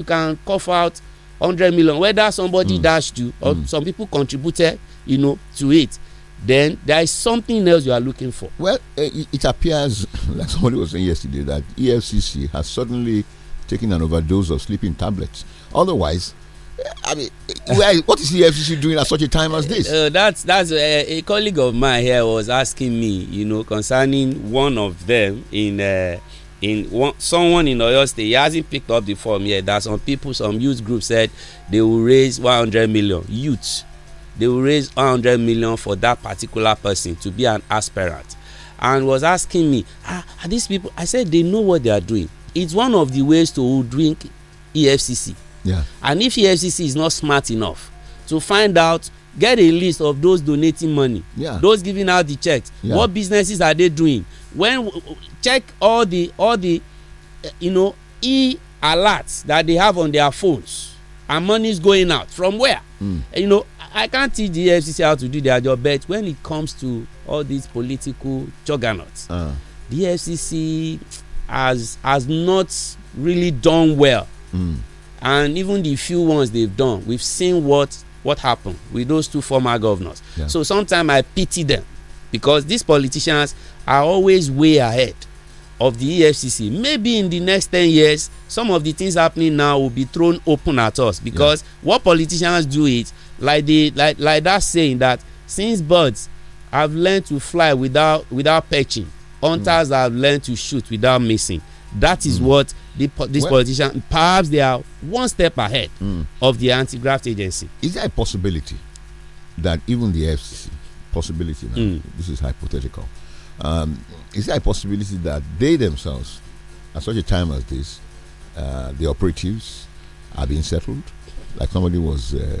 you can cough out 100 million whether somebody mm. dashed you or mm. some people contributed you know to it then there is something else you are looking for. well eh, it, it appears like somebody was saying yesterday that efcc has suddenly taken an overdose of sleeping tablets otherwise eh, I mean, eh, what is the FCC doing at such a time as this? Uh, that's that's uh, a colleague of mine here was asking me, you know, concerning one of them in uh, in one, someone in Oyo State hasn't picked up the form yet that some people, some youth group said they will raise 100 million. Youth, they will raise 100 million for that particular person to be an aspirant. And was asking me, ah, are these people? I said they know what they are doing. It's one of the ways to drink EFCC. Yeah. And if EFCC is not smart enough to find out get a list of those donating money yeah. those giving out the checks yeah. what businesses are they doing when check all the all the eh, you know e alerts that they have on their phones and money is going out from where mm. you know i can't teach the fcc how to do their job but when it comes to all these political juggernauts uh. the fcc has has not really done well mm. and even the few ones they've done we've seen what what happened with those two former governors yeah. so sometimes i pity them because these politicians are always way ahead of the efcc maybe in the next ten years some of the things happening now will be thrown open at us because yeah. what politicians do is like the like like that saying that since birds have learned to fly without without perching hunters mm. have learned to shoot without missing that is mm. what the, this well, politician perhaps they are one step ahead mm. of the anti-graft agency. is there a possibility that even the fcc possibility now, mm. this is hypothetical um, is there a possibility that they themselves, at such a time as this, uh, the operatives are being settled, like somebody was uh,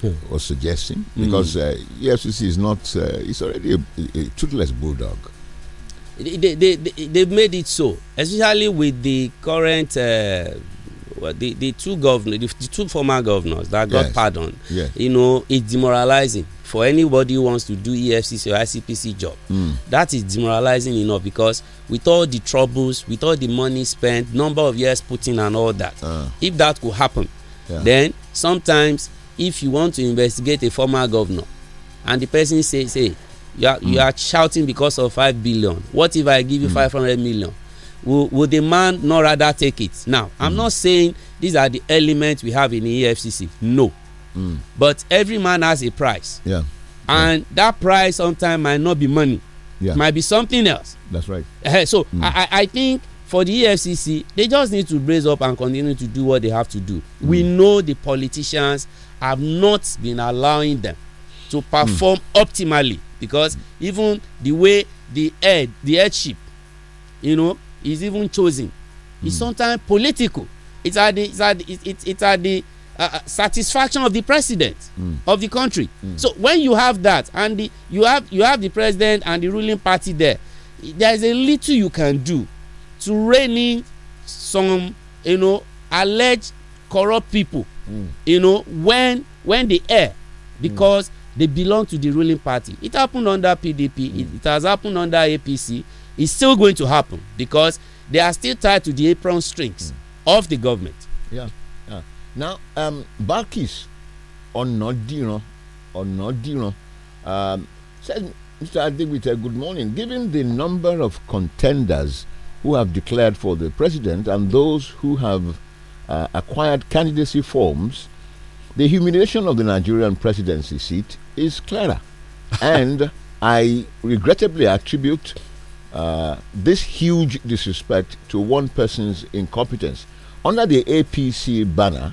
hmm. was suggesting? Hmm. Because uh, EFCC is not; uh, it's already a, a toothless bulldog. They, they, they, they've made it so, especially with the current uh, well, the, the two governor the, the, two former governors that got yes. pardoned, yes. you know, it's demoralizing for anybody who wants to do EFCC or ICPC job. Mm. That is demoralizing enough because with all the troubles, with all the money spent, number of years put in and all that, uh. if that could happen, yeah. then sometimes if you want to investigate a former governor and the person says, hey, you are, mm. you hmm. are shouting because of 5 billion. What if I give you mm. 500 million? will, will the man not rather take it now i'm mm. not saying these are the elements we have in the efcc no mm. but every man has a price yeah. and yeah. that price sometimes might not be money yeah. might be something else that's right eh, so mm. I, I think for the efcc they just need to brace up and continue to do what they have to do hmm. we know the politicians have not been allowing them to hmm. perform optimally because even the way the head the headship you know is even chosen. It's hmm. sometimes political. It's at the, it's at the, it's, it's at the uh, uh satisfaction of the president mm. of the country. Mm. So when you have that and the, you have you have the president and the ruling party there, there is a little you can do to rein in some you know alleged corrupt people. Mm. You know when when they are, hmm. because they belong to the ruling party. It happened under PDP. It, hmm. it has happened under APC. It's still going to happen because they are still tied to the apron strings mm. of the government. Yeah. yeah. Now, um, Barkis Onodiran, Onodiran um, says Mr. Adigbite, good morning. Given the number of contenders who have declared for the president and those who have uh, acquired candidacy forms, the humiliation of the Nigerian presidency seat is clearer. and I regrettably attribute uh, this huge disrespect to one person's incompetence. Under the APC banner,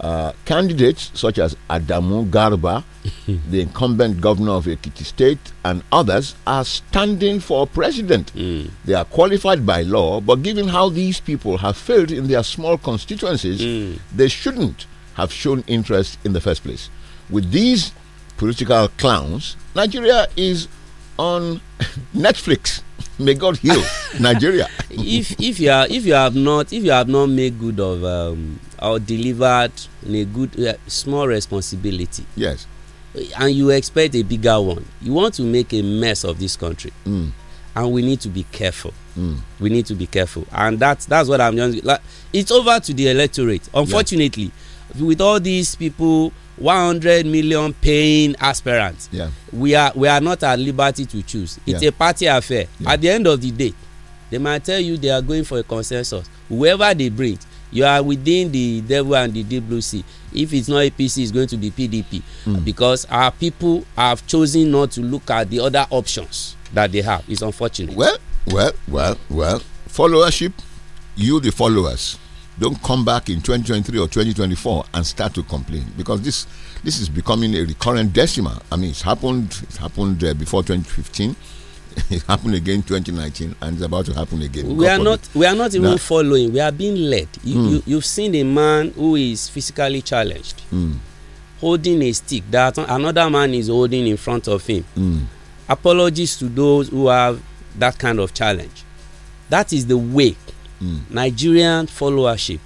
uh, candidates such as Adamu Garba, the incumbent governor of Ekiti State, and others are standing for president. Mm. They are qualified by law, but given how these people have failed in their small constituencies, mm. they shouldn't have shown interest in the first place. With these political clowns, Nigeria is on Netflix. May God heal Nigeria. if if you are, if you have not if you have not made good of um, or delivered in a good uh, small responsibility. Yes. And you expect a bigger one. You want to make a mess of this country. Mm. And we need to be careful. Mm. We need to be careful. And that's that's what I'm doing. like, it's over to the electorate. Unfortunately, yes. with all these people one hundred million paying aspirants. Yeah. We are we are not at liberty to choose. It's yeah. a party affair. Yeah. At the end of the day, they might tell you they are going for a consensus. Whoever they bring, you are within the devil and the deep blue sea. If it's not APC, it's going to be PDP mm. because our people have chosen not to look at the other options that they have. It's unfortunate. Well, well, well, well. Followership, you the followers Don't come back in 2023 or 2024 and start to complain because this this is becoming a recurrent decimal. I mean, it's happened. it happened uh, before 2015. it happened again 2019, and it's about to happen again. We are not. We are not even now, following. We are being led. You, mm. you you've seen a man who is physically challenged, mm. holding a stick that another man is holding in front of him. Mm. Apologies to those who have that kind of challenge. That is the way mm. nigerian followership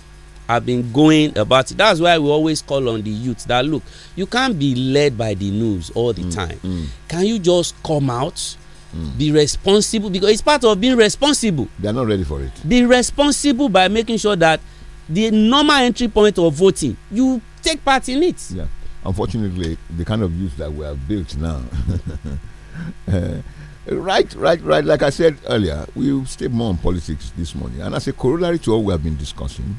have been going about it that's why we always call on the youth that look you can't be led by the news all the mm. time mm. can you just come out mm. be responsible because it's part of being responsible they are not ready for it be responsible by making sure that the normal entry point of voting you take part in it yeah unfortunately the kind of youth that we have built now uh, Right, right, right. Like I said earlier, we'll stay more on politics this morning. And as a corollary to all we have been discussing,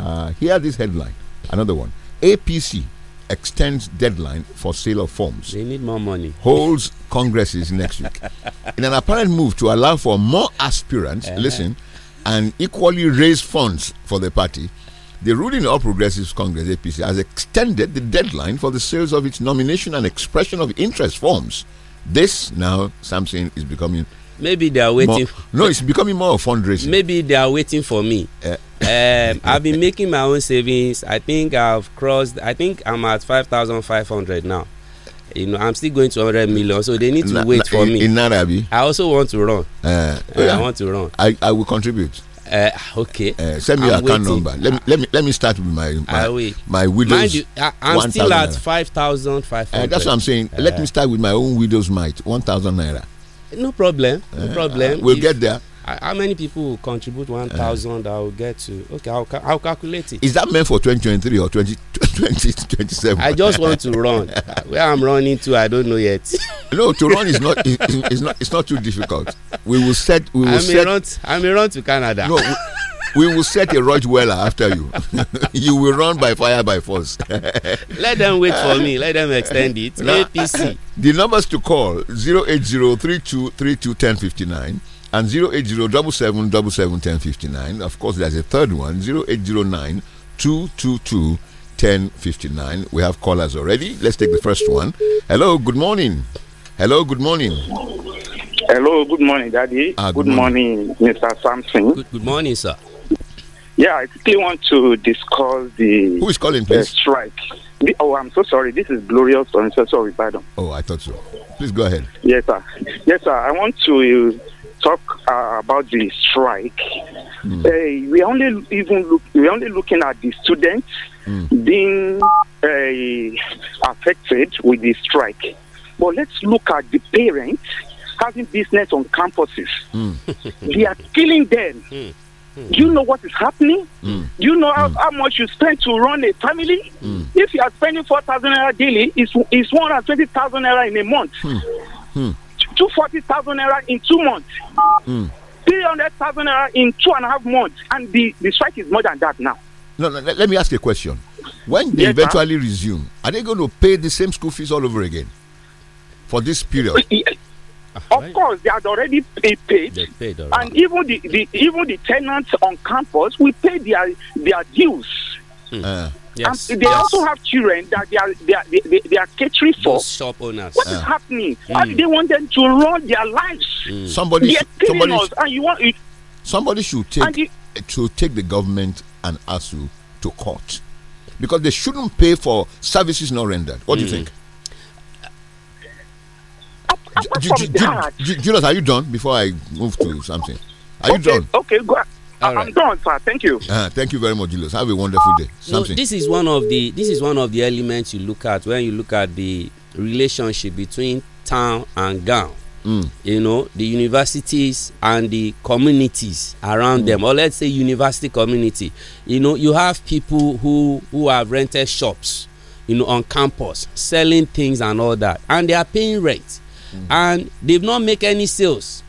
uh, here this headline, another one. APC extends deadline for sale of forms. They need more money. Holds congresses next week. In an apparent move to allow for more aspirants, uh -huh. listen, and equally raise funds for the party, the ruling All Progressives Congress APC has extended the deadline for the sales of its nomination and expression of interest forms this now, something is becoming. Maybe they are waiting. More, no, it's becoming more of fundraising. Maybe they are waiting for me. Eh. um, I've been making my own savings. I think I've crossed. I think I'm at five thousand five hundred now. You know, I'm still going to hundred million, so they need to na, wait na, for in, me. In Narabi, I also want to run. Uh, yeah. I eh. want to run. I, I will contribute. Uh, okay. Uh, send me your account waiting. number. Let me, let me let me start with my my, I my widow's. You, I, am 1, still at eh, five thousand five hundred. Uh, that's what I'm saying. let me start with my own widow's mite, one thousand naira. No problem. No problem. we'll if, get there how many people will contribute 1000 uh-huh. uh, i will get to okay I'll, I'll calculate it is that meant for 2023 or 2027 i just want to run where i'm running to i don't know yet no to run is not is, is not it's not too difficult we will set we will I set run, i may run to canada no we, we will set a road Weller after you. you will run by fire by force. Let them wait for me. Let them extend it. No. APC. The numbers to call zero eight zero three two three two ten fifty nine and 08077771059. Of course, there's a third one 0809 We have callers already. Let's take the first one. Hello, good morning. Hello, good morning. Hello, good morning, Daddy. Ah, good, good morning. morning. Mr. Sampson. Good, good, morning, sir. Yeah, I still want to discuss the. Who is calling, please? strike. The, oh, I'm so sorry. This is Glorious. I'm so sorry, pardon. Oh, I thought so. Please go ahead. Yes, sir. Yes, sir. I want to. Uh, talk uh, about the strike, mm. uh, we only even look, we only looking at the students mm. being uh, affected with the strike. But let's look at the parents having business on campuses. Mm. they are killing them. Mm. You know what is happening. Hmm. You know how, hmm. how, much you spend to run a family. If you are spending four thousand naira daily, it's it's one hundred twenty thousand naira in a month two forty thousand naira in two months. Mm. 300,000 naira in two and a half months, and the, the strike is more than that now. No, no let, let, me ask you a question. When they yes, eventually resume, are they going to pay the same school fees all over again for this period? Of course, they had already paid, paid, and even the, the, even the tenants on campus we pay their their dues. Mm. Uh. Yes. Um, they yes. also have children that they are they are, they, they are catering for. Those shop owners. What uh. is ah. happening? Mm. they want them to run their lives. Mm. Somebody, somebody, us, and you want it. Somebody should take you, to take the government and ask you to court because they shouldn't pay for services not rendered. What mm. do you mm. think? Julius, are you done before I move to something? Are okay, you done? Okay, go, all right. I'm done, sir. Thank you. Uh, thank you very much, Julius. Have a wonderful ah, day. Something. No, this is one of the this is one of the elements you look at when you look at the relationship between town and gown. Mm. You know the universities and the communities around mm. them, or let's say university community. You know you have people who who have rented shops, you know, on campus selling things and all that, and they are paying rent, mm. and they've not made any sales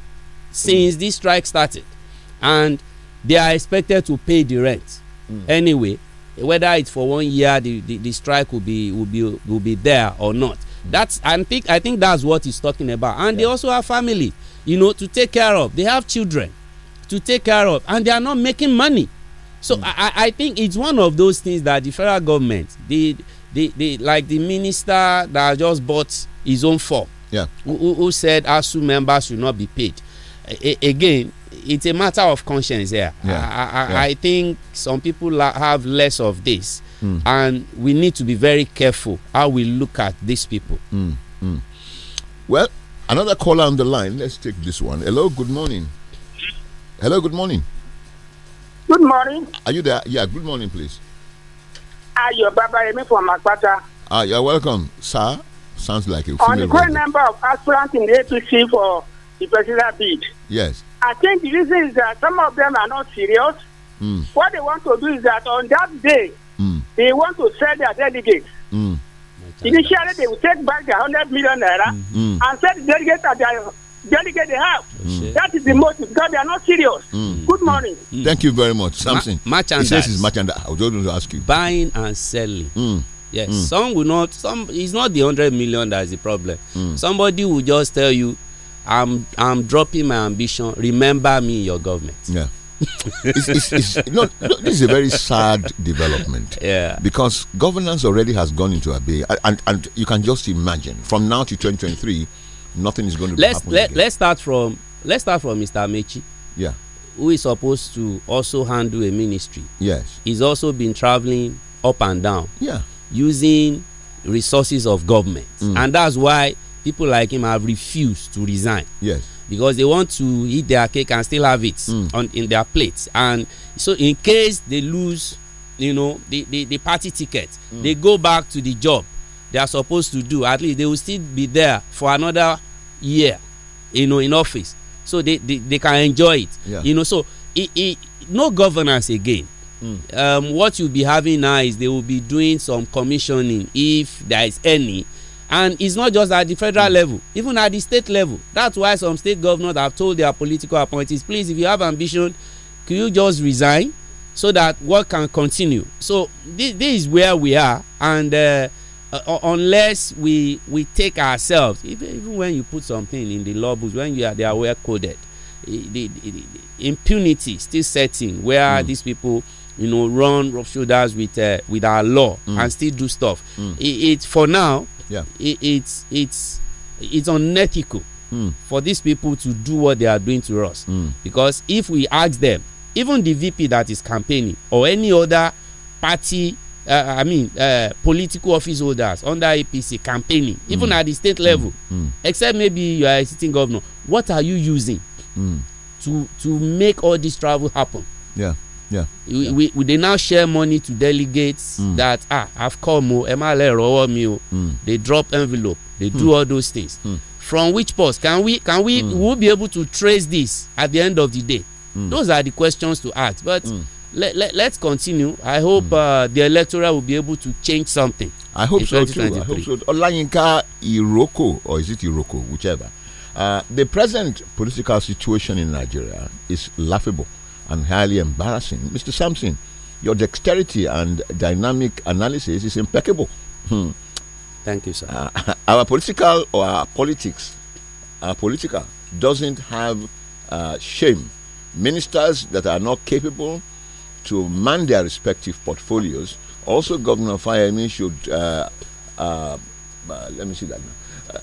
since mm. this strike started, and they are expected to pay the rent mm. anyway whether it's for one year the, the, the, strike will be will be will be there or not hmm. that's i think i think that's what he's talking about and yeah. they also have family you know to take care of they have children to take care of and they are not making money so mm. I, I think it's one of those things that the federal government the the, the like the minister that just bought his own form yeah who, who said asu members should not be paid a, again it's a matter of conscience here. Yeah. I, I, yeah. I think some people have less of this, mm. and we need to be very careful how we look at these people. Mm. Mm. Well, another caller on the line. Let's take this one. Hello, good morning. Hello, good morning. Good morning. Are you there? Yeah, good morning, please. Hi, ah, your Baba Remy from Akpata. Ah, you're welcome, sir. Sounds like a On the great number of aspirants in the APC for the presidential bid. Yes. I think the reason is that some of them are not serious. Mm. What they want to do is that on that day, mm. they want to sell their delegates. Mm. Initially, they will take back their 100 million naira mm. and sell the delegates at their delegate they have. Mm. That is the motive because they are not serious. Mm. Good morning. Mm. Thank you very much. Something. Ma merchandise. He says it's merchandise. I was just going to ask you. Buying and selling. Hmm. Yes, some will not. Some it's not the hundred million that is the problem. Somebody will just tell you I'm I'm dropping my ambition. Remember me in your government. Yeah. it's, it's, it's, no, no, this is a very sad development. Yeah. Because governance already has gone into bay, and and you can just imagine from now to 2023, nothing is going to let's, happen. Let, again. Let's start from let's start from Mr. Mechi. Yeah. Who is supposed to also handle a ministry? Yes. He's also been traveling up and down. Yeah. Using resources of government, mm. and that's why people like him have refused to resign. Yes. Because they want to eat their cake and still have it mm. on in their plates. And so in case they lose, you know, the, the, the party ticket, mm. they go back to the job they are supposed to do. At least they will still be there for another year, you know, in office. So they they, they can enjoy it. Yeah. You know, so it, it, no governance again. Mm. Um, what you'll be having now is they will be doing some commissioning if there is any and it's not just at the federal hmm. level even at the state level that's why some state governors have told their political appointees please if you have ambition can you just resign so that work can continue so this, this is where we are and uh, uh, unless we we take ourselves even, even, when you put something in the law books when you are they are well coded the, the, the impunity still setting where mm. these people you know run rough shoulders with uh, with our law mm. and still do stuff mm. it, it for now yeah. It, it's it's it's unethical mm. for these people to do what they are doing to us. Mm. Because if we ask them, even the VP that is campaigning or any other party, uh, I mean, uh, political office holders under APC campaigning, mm. even at the state hmm. level, hmm. except maybe you are a sitting governor, what are you using hmm. to to make all this travel happen? Yeah yeah. We, we, they now share money to delegates mm. that ah have come o ẹ má lẹ rọwọ mi o mm. they drop envelope they mm. do all those things mm. from which post can we can we mm. will be able to trace this at the end of the day mm. those are the questions to ask but let, let, let's continue I hope uh, the electoral will be able to change something I hope so too I hope so Olayinka Iroko or is it Iroko whichever uh, the present political situation in Nigeria is laughable and highly embarrassing. Mr. Sampson, your dexterity and dynamic analysis is impeccable. Hmm. Thank you, sir. Uh, our political or our politics, our political doesn't have uh, shame. Ministers that are not capable to man their respective portfolios. Also, Governor Fayemi should, uh, uh, uh let me see that now. Uh,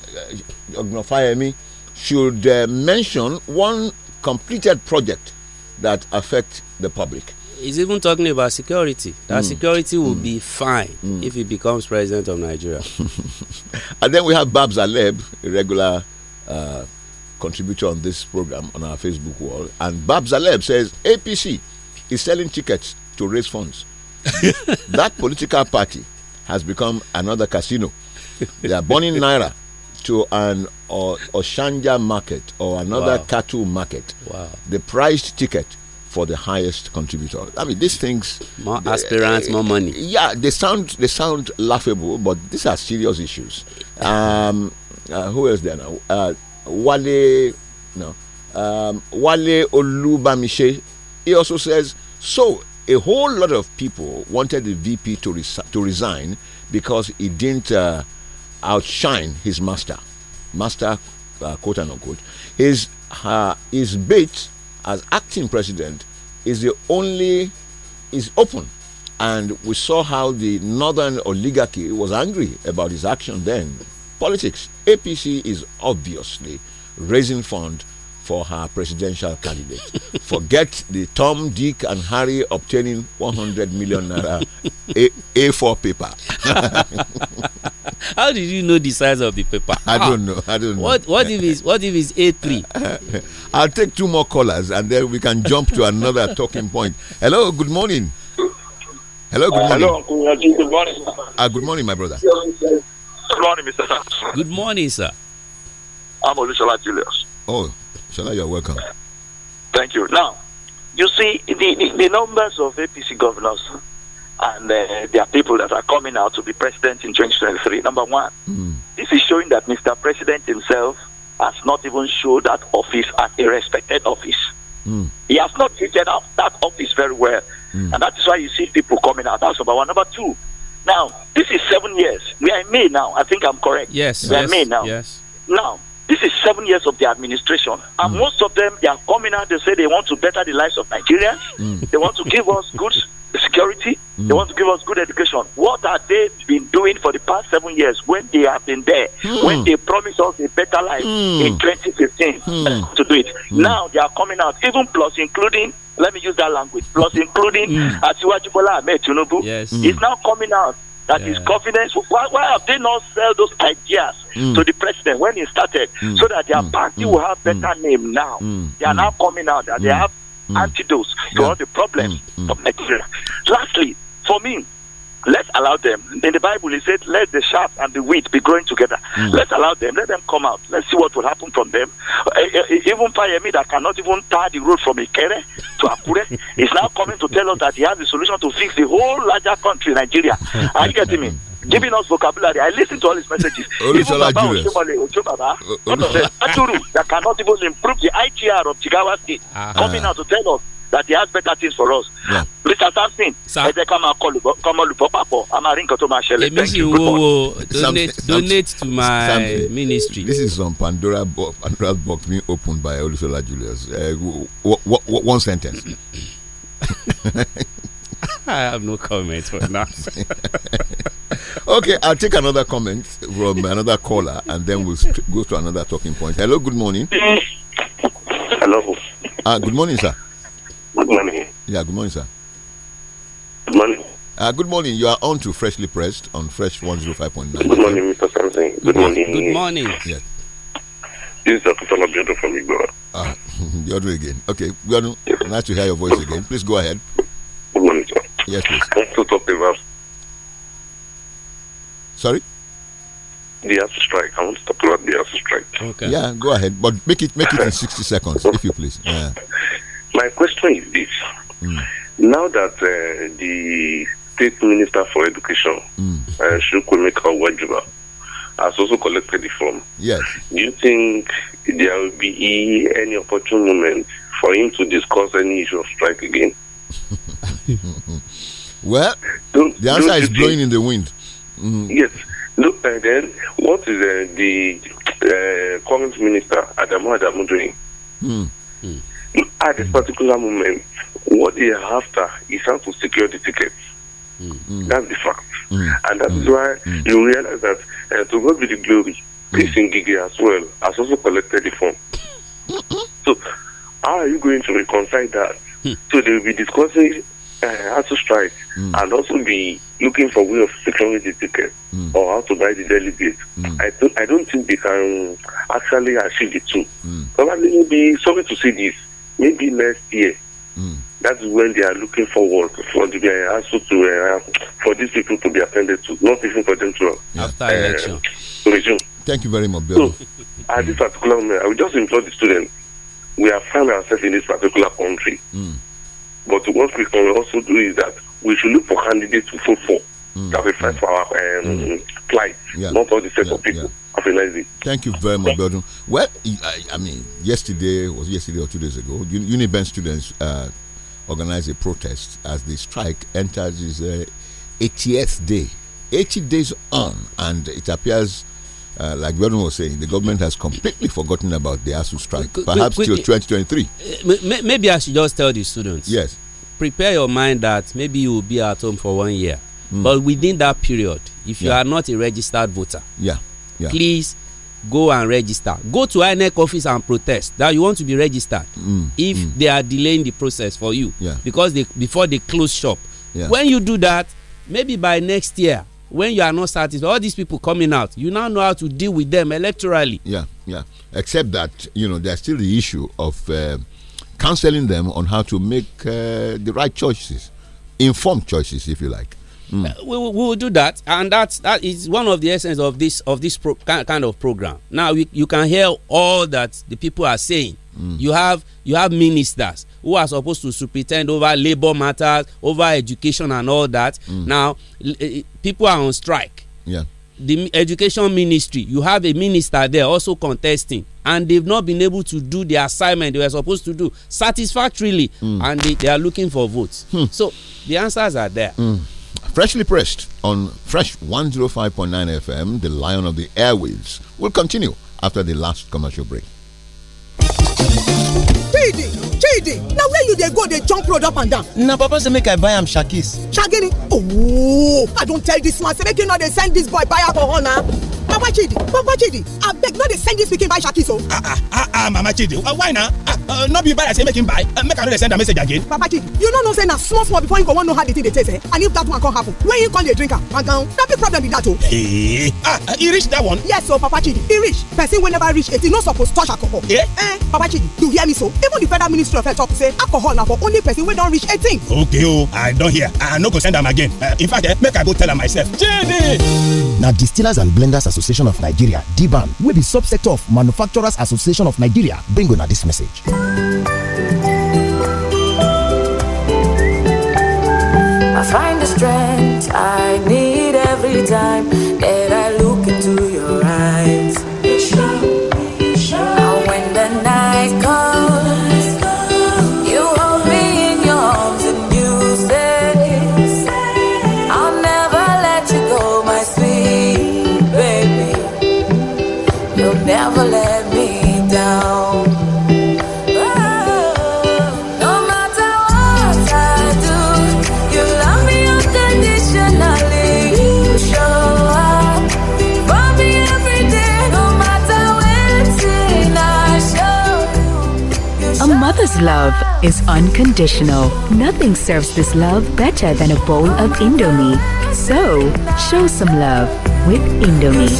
Governor Fayemi should mention one completed project that affect the public. He's even talking about security. That mm. security will mm. be hmm. fine mm. if he becomes president of Nigeria. and then we have Babs Aleb, a regular uh, contributor on this program on our Facebook wall. And Babs Aleb says APC is selling tickets to raise funds. that political party has become another casino. They are burning Naira to an or Oshanja market or another wow. cattle market, wow. the priced ticket for the highest contributor. I mean, these things more they, aspirants, uh, more money. Yeah, they sound they sound laughable, but these are serious issues. Um, uh, who else there now? Uh, Wale, no, um, Wale Olubamiche. He also says so. A whole lot of people wanted the VP to, to resign because he didn't uh, outshine his master master, uh, quote and unquote, his, his bait as acting president is the only, is open. And we saw how the northern oligarchy was angry about his action then. Politics. APC is obviously raising fund for her presidential candidate. Forget the Tom, Dick, and Harry obtaining 100 million naira A, 4 paper. How did you know the size of the paper? I don't ah, know. I don't know. What what if it's what if it's A three? I'll take two more callers and then we can jump to another talking point. Hello, good morning. Hello, good morning. Uh, hello, good morning. Uh, good morning, my brother. Good morning, Mr. Good morning, sir. I'm Olushola Julius. Oh, Shala, you're welcome. Thank you. Now, you see, the, the, the numbers of APC governors and uh, there are people that are coming out to be president in 2023. Number one, mm. this is showing that Mr. President himself has not even showed that office as a respected office. Mm. He has not treated that office very well. Mm. And that's why you see people coming out. That's number one. Number two, now, this is seven years. We are in May now. I think I'm correct. Yes. We yes, in May now. Yes. Now, this is seven years of the administration, and mm. most of them they are coming out. They say they want to better the lives of Nigerians. Mm. They want to give us good security. Mm. They want to give us good education. What have they been doing for the past seven years when they have been there? Hmm. When they promised us a better life hmm. in 2015 hmm. to do it. Now they are coming out, even plus including let me use that language. Plus, including mm. Asiwaju Ahmed Tinubu, yes. mm. is now coming out that yeah. is confidence. Why, why, have they not sell those ideas mm. to the president when he started, mm. so that their mm. party hmm. will have hmm. better name now? Hmm. They are now coming out that they have antidotes to yeah. all the problems of Nigeria. Lastly, for me, Let's allow them. In the Bible, it said, let the sharp and the wheat be growing together. Mm. Let's allow them. Let them come out. Let's see what will happen from them. Uh, even Fayemi that cannot even tar the road from Ikere to Akure is now coming to tell us that he has a solution to fix the whole larger country, Nigeria. Are you getting me? Giving us vocabulary. I listen to all his messages. even Baba Oshimale, Oshimaba, one of that cannot even improve the ITR of Jigawa State, ah. coming out to tell us that he has better things for us. Yeah. Mr. Samson ẹ jẹ́ ká máa kọ ọmọlùfọ́ papọ̀ a máa rí nǹkan tó máa ṣẹlẹ̀. èmi sì wo wo donate Sam, donate to my Sam, ministry. this is some pandora box pandora box being opened by Olusola Julius uh, one sentence. I have no comment for now. okay, I'll take another comment from another caller and then we'll go to another talking point. Hello, good morning. Hello. Uh, good morning, sir. Good morning. Yeah, good morning, sir. Good morning. Uh, good morning. You are on to Freshly Pressed on Fresh 105.9. Good morning, Mr. Samson. Good, good morning. Good morning. Yes. This is Dr. Labiodo from Igbo. Ah, you're doing again. Okay, we are yes. nice to hear your voice again. Please go ahead. Good morning, sir. Yes, please. I want to talk about. Sorry? The answer strike. I want to talk about the answer strike. Okay. Yeah, go ahead, but make it make it in 60 seconds, if you please. Yeah. My question is this. Mm. Now that uh, the State Minister for Education, mm. uh, Shukwemeka has also collected the form, yes. do you think there will be any opportune moment for him to discuss any issue of strike again? well, don't, the answer is blowing think, in the wind. Mm. Yes. Look, and uh, then what is uh, the uh, current minister, Adamu Adamu, doing? Mm. Mm at this particular moment, what they are after is how to secure the ticket. Mm, mm. That's the fact. Mm, and that mm, is why you realize that uh, to God be the glory, Peace in Gigi as well has also collected the form. so, how are you going to reconcile that? Hmm. so they will be discussing uh, how to strike mm. and also be looking for way of securing the ticket mm. or how to buy the delegate. Mm. I don't I don't think they can actually achieve the two. Probably will be sorry to see this maybe next year. Mm. That's when they are looking forward for the uh, also to uh, for these people to be attended to, not even for them to uh, yeah. after uh, election resume. Thank you very much, Bill. So, at this particular moment, I will just implore the students: we have found ourselves in this particular country, mm. but what we can also do is that we should look for candidates to vote for mm. that will fight hmm. for our um, plight, hmm. yeah. not all the set yeah. of people. Thank you very much, Belgium. Well, I, I, mean, yesterday was yesterday or two days ago. Uniben students uh, organized a protest as the strike enters its uh, 80th day, 80 days on, and it appears. Uh, like Gordon was saying, the government has completely forgotten about the ASU strike, perhaps till 2023. Eh, maybe I should just tell the students. Yes. Prepare your mind that maybe you will be at home for one year. Mm. But within that period, if you are not a registered voter, yeah yeah. please go and register go to inec office and protest that you want to be registered mm, if mm. they are delaying the process for you yeah. because they before they close shop yeah. when you do that maybe by next year when you are not satisfied all these people coming out you now know how to deal with them electorally yeah yeah except that you know there's still the issue of uh, counseling them on how to make uh, the right choices informed choices if you like Mm. Uh, we, we, will do that, and that's that is one of the essence of this of this pro, kind of program. Now we, you can hear all that the people are saying. Mm. You have you have ministers who are supposed to superintend over labor matters, over education, and all that. Mm. Now eh, eh, people are on strike. Yeah. The education ministry, you have a minister there also contesting, and they've not been able to do the assignment they were supposed to do satisfactorily, mm. and they, they, are looking for votes. Hmm. So the answers are there. Hmm. Freshly pressed on Fresh 105.9 FM, the Lion of the Airwaves. will continue after the last commercial break. dey na where you dey go dey jump road up and down na papa say make i buy am shakis shagini Oh, i don't tell this man say make you no dey send this boy buy alcohol na papa chidi papa chidi abeg no dey send this pikin buy shakis o. Oh. Ah, ah ah ah mama chidi uh, why na uh, uh, no be buy i say make him buy uh, make i no dey send am message again. papa chidi you no know say na small small before you go wan know how the thing dey taste eh and if that one come happen when you come dey drink am gangan na be problem be that o. Oh. ee eh, ah uh, e reach that one. yes o oh, papa chidi e reach person wey never reach eighteen no suppose touch alcohol. Yeah. eh papa chidi you hear me so even the federal minister health talk say alcohol na for only person wey don reach 18 okay o oh, i don hear i no go send am again uh, in fact eh, make i go tell am myself jd na distillers and blenders association of nigeria dban wey be subsector of manufacturers association of nigeria bring una dis message I find the strength I need every time. love is unconditional. Nothing serves this love better than a bowl of Indomie. So, show some love with Indomie.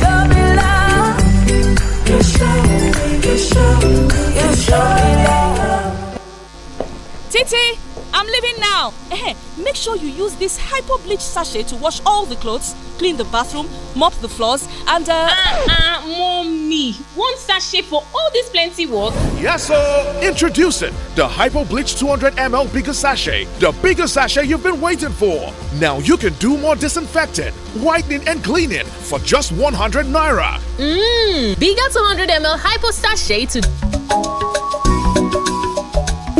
Titi, I'm leaving now. Eh, make sure you use this hypo bleach sachet to wash all the clothes, clean the bathroom, mop the floors, and uh. uh, uh me one sachet for all this plenty work? Yes, sir. Introducing the Hypo Bleach 200 ml bigger sachet, the bigger sachet you've been waiting for. Now you can do more disinfecting, whitening, and cleaning for just 100 naira. Mmm, bigger 200 ml Hypo sachet to.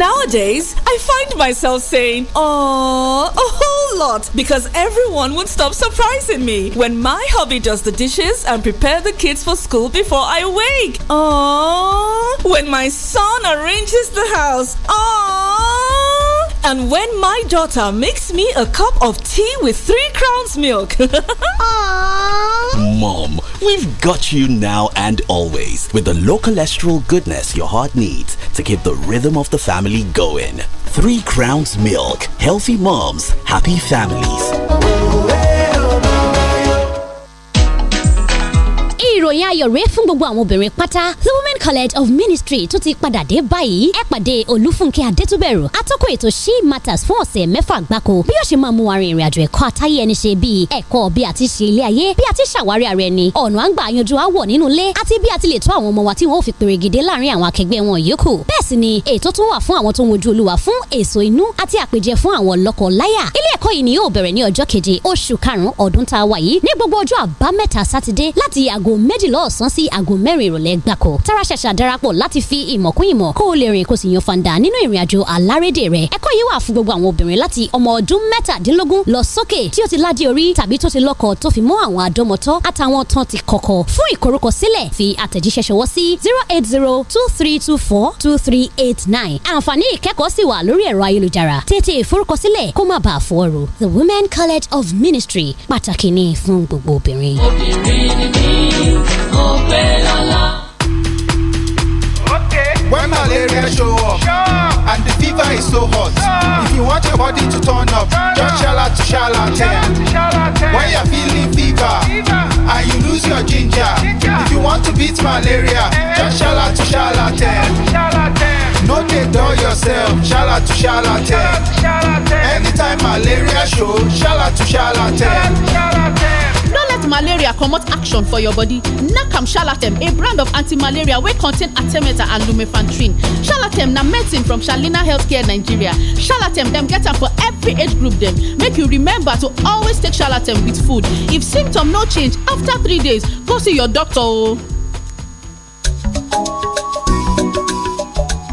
Nowadays, I find myself saying, "Aww," a whole lot because everyone would stop surprising me when my hubby does the dishes and prepare the kids for school before I wake. Aww, when my son arranges the house. Aww. And when my daughter makes me a cup of tea with three crowns milk. Mom, We've got you now and always with the low cholesterol goodness your heart needs to keep the rhythm of the family going. Three Crowns Milk. Healthy moms, happy families. ìròyìn ayọ̀ rèé fún gbogbo àwọn obìnrin pátá the women college of ministry tún ti padà dé báyìí ẹ pàdé olúfúnkẹ́ adétúbẹ̀rù atọ́kùn ètò she matters fún ọ̀sẹ̀ mẹ́fà gbáko bí yóò ṣe máa mú àrin ìrìn àjò ẹ̀kọ́ àtayé ẹni ṣe bíi ẹ̀kọ́ bí a ti ṣe ilé ayé bí a ti ṣàwárí ara ẹni ọ̀nà à ń àwọ̀ nínú ilé àti bí a ti lè tọ́ àwọn ọmọ wa tí wọ́n ò fi perégedé láàrin àwọn ni ètò tún wà fún àwọn tó ń wojú olúwa fún èso inú àti àpèjẹ fún àwọn lọ́kọ láyà ilé ẹ̀kọ́ yìí ni yóò bẹ̀rẹ̀ ní ọjọ́ keje oṣù karùn-ún ọdún tá a wà yìí ní gbogbo ọjọ́ àbámẹ́ta sátidé láti méjìlá ọ̀sán sí aago mẹ́rin ìrọ̀lẹ́ gbàkó tara ṣàṣà darapọ̀ láti fi ìmọ̀ kún ìmọ̀ kó o lè rìn kó sì yan fanda nínú ìrìn àjò alárédè rẹ̀ ẹ̀kọ́ yìí wà fún gbogbo àwọn obìnrin láti ọmọ ọdún mẹ́tàdínlógún lọ sókè tí ó ti ládìí orí tàbí tó ti lọ́kọ tó fi mọ́ àwọn àdọ́mọ̀tọ́ àtàwọn tán ti kọ̀kọ̀ fún ìkorúkọsílẹ̀ fi àtẹ̀jíṣẹ́ ṣọwọ́ sí zero eight zero two three two four two three eight nine àǹfààní ìkẹ́kọ̀ọ́ sì wà lórí ẹ̀rọ ayélujára tètè ìforúkọsílẹ̀ kó má bàa fọ́ọ̀rù the women college of ministry pàtàkì ni fún gbogbo obìnrin. obìnrin ni mí. When malaria show up and the fever is so hot, if you want your body to turn up, just shout out to charlatan. When you're feeling fever and you lose your ginger, if you want to beat malaria, eh? just shout out to charlatan. No dey dull yourself, Shout out to charlatan. Anytime malaria show, shout out to charlatan. malaria comot action for your body nakam shalatem a brand of anti-malaria wey contain artemata and lumefantrine shalatem na medicine from shalina healthcare nigeria shalatem dem get am for every age group dem make you remember to always take shalatem with food if symptom no change after three days go see your doctor o. Oh.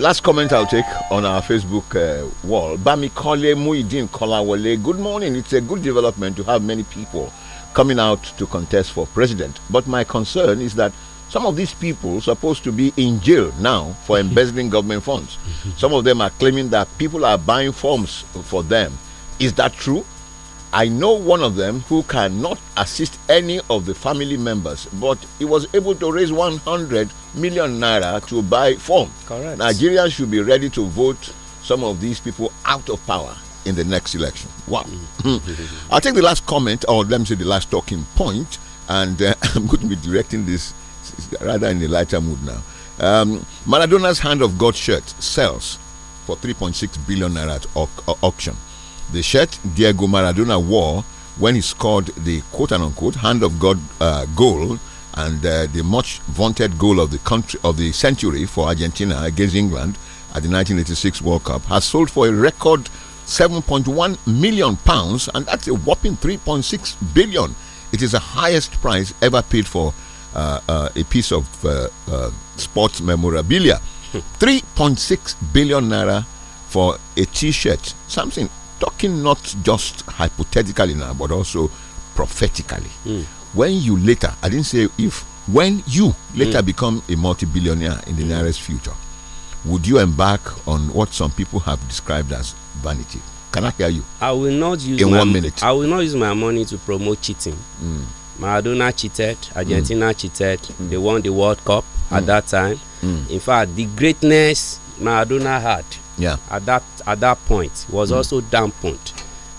Last comment I'll take on our Facebook uh, wall. Bami Kole Muidin Kolawole. Good morning. It's a good development to have many people coming out to contest for president. But my concern is that some of these people supposed to be in jail now for embezzling government funds. Some of them are claiming that people are buying forms for them. Is that true? I know one of them who cannot assist any of the family members, but he was able to raise 100 million naira to buy form. Correct. Nigerians should be ready to vote some of these people out of power in the next election. Wow. I'll take the last comment, or let me say the last talking point, and uh, I'm going to be directing this rather in a lighter mood now. Um, Maradona's Hand of God shirt sells for 3.6 billion naira at au auction the shirt Diego Maradona wore when he scored the quote unquote hand of God uh, goal and uh, the much vaunted goal of the country of the century for Argentina against England at the 1986 World Cup has sold for a record 7.1 million pounds and that's a whopping 3.6 billion. It is the highest price ever paid for uh, uh a piece of uh, uh, sports memorabilia. Hmm. 3.6 billion naira for a t-shirt something talking not just hypothetically now, but also prophetically. Mm. When you later, I didn't say if, when you later mm. become a multi billionaire in the hmm. nearest future, would you embark on what some people have described as vanity? Can I hear you? I will not use in my, one minute. I will not use my money to promote cheating. Mm. Maradona cheated, Argentina hmm. cheated. Hmm. They won the World Cup at that time. In fact, the greatness Maradona had yeah. at that at that point was mm. also dampened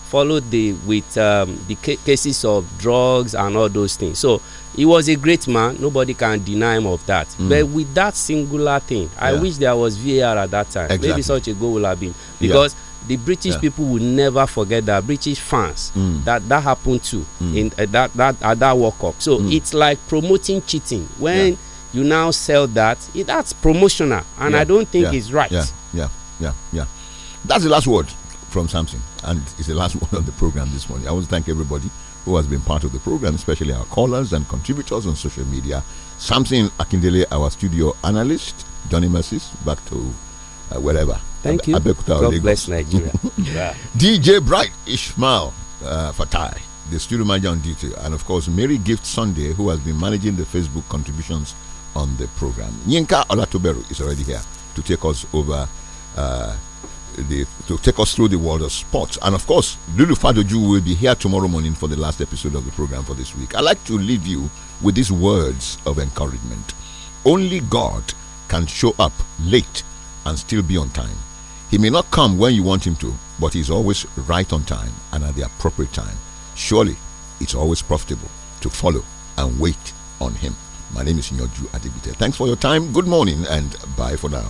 followed the with um, the ca cases of drugs and all those things so he was a great man nobody can deny him of that mm. but with that singular thing yeah. i wish there was var at that time exactly. maybe such a goal would have been because yeah. the british yeah. people will never forget that british fans mm. that that happened to mm. in uh, that that at that world cup so mm. it's like promoting cheating when you now sell that it, that's promotional and i don't think it's right yeah yeah yeah, yeah. That's the last word from Samson, and it's the last word on the program this morning. I want to thank everybody who has been part of the program, especially our callers and contributors on social media. Samson Akindele, our studio analyst, Johnny Mercies, back to uh, wherever. Thank Ab you. God Lagos. bless Nigeria. DJ Bright Ishmael uh, Fatai, the studio manager on duty, and of course Mary Gift Sunday, who has been managing the Facebook contributions on the program. Yinka Olatoberu is already here to take us over uh, the, to take us through the world of sports. And of course, Lulu Fadoju will be here tomorrow morning for the last episode of the program for this week. I'd like to leave you with these words of encouragement. Only God can show up late and still be on time. He may not come when you want him to, but he's always right on time and at the appropriate time. Surely, it's always profitable to follow and wait on him. My name is Nyoju Adibite. Thanks for your time. Good morning and bye for now.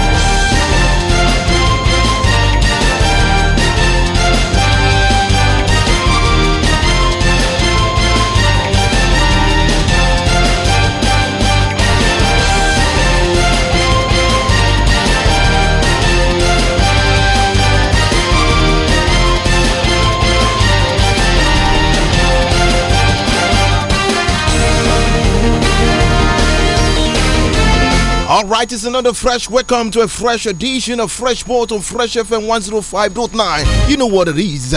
right, it's another fresh welcome to a fresh edition of Fresh Port on Fresh FM 105.9. You know what it is.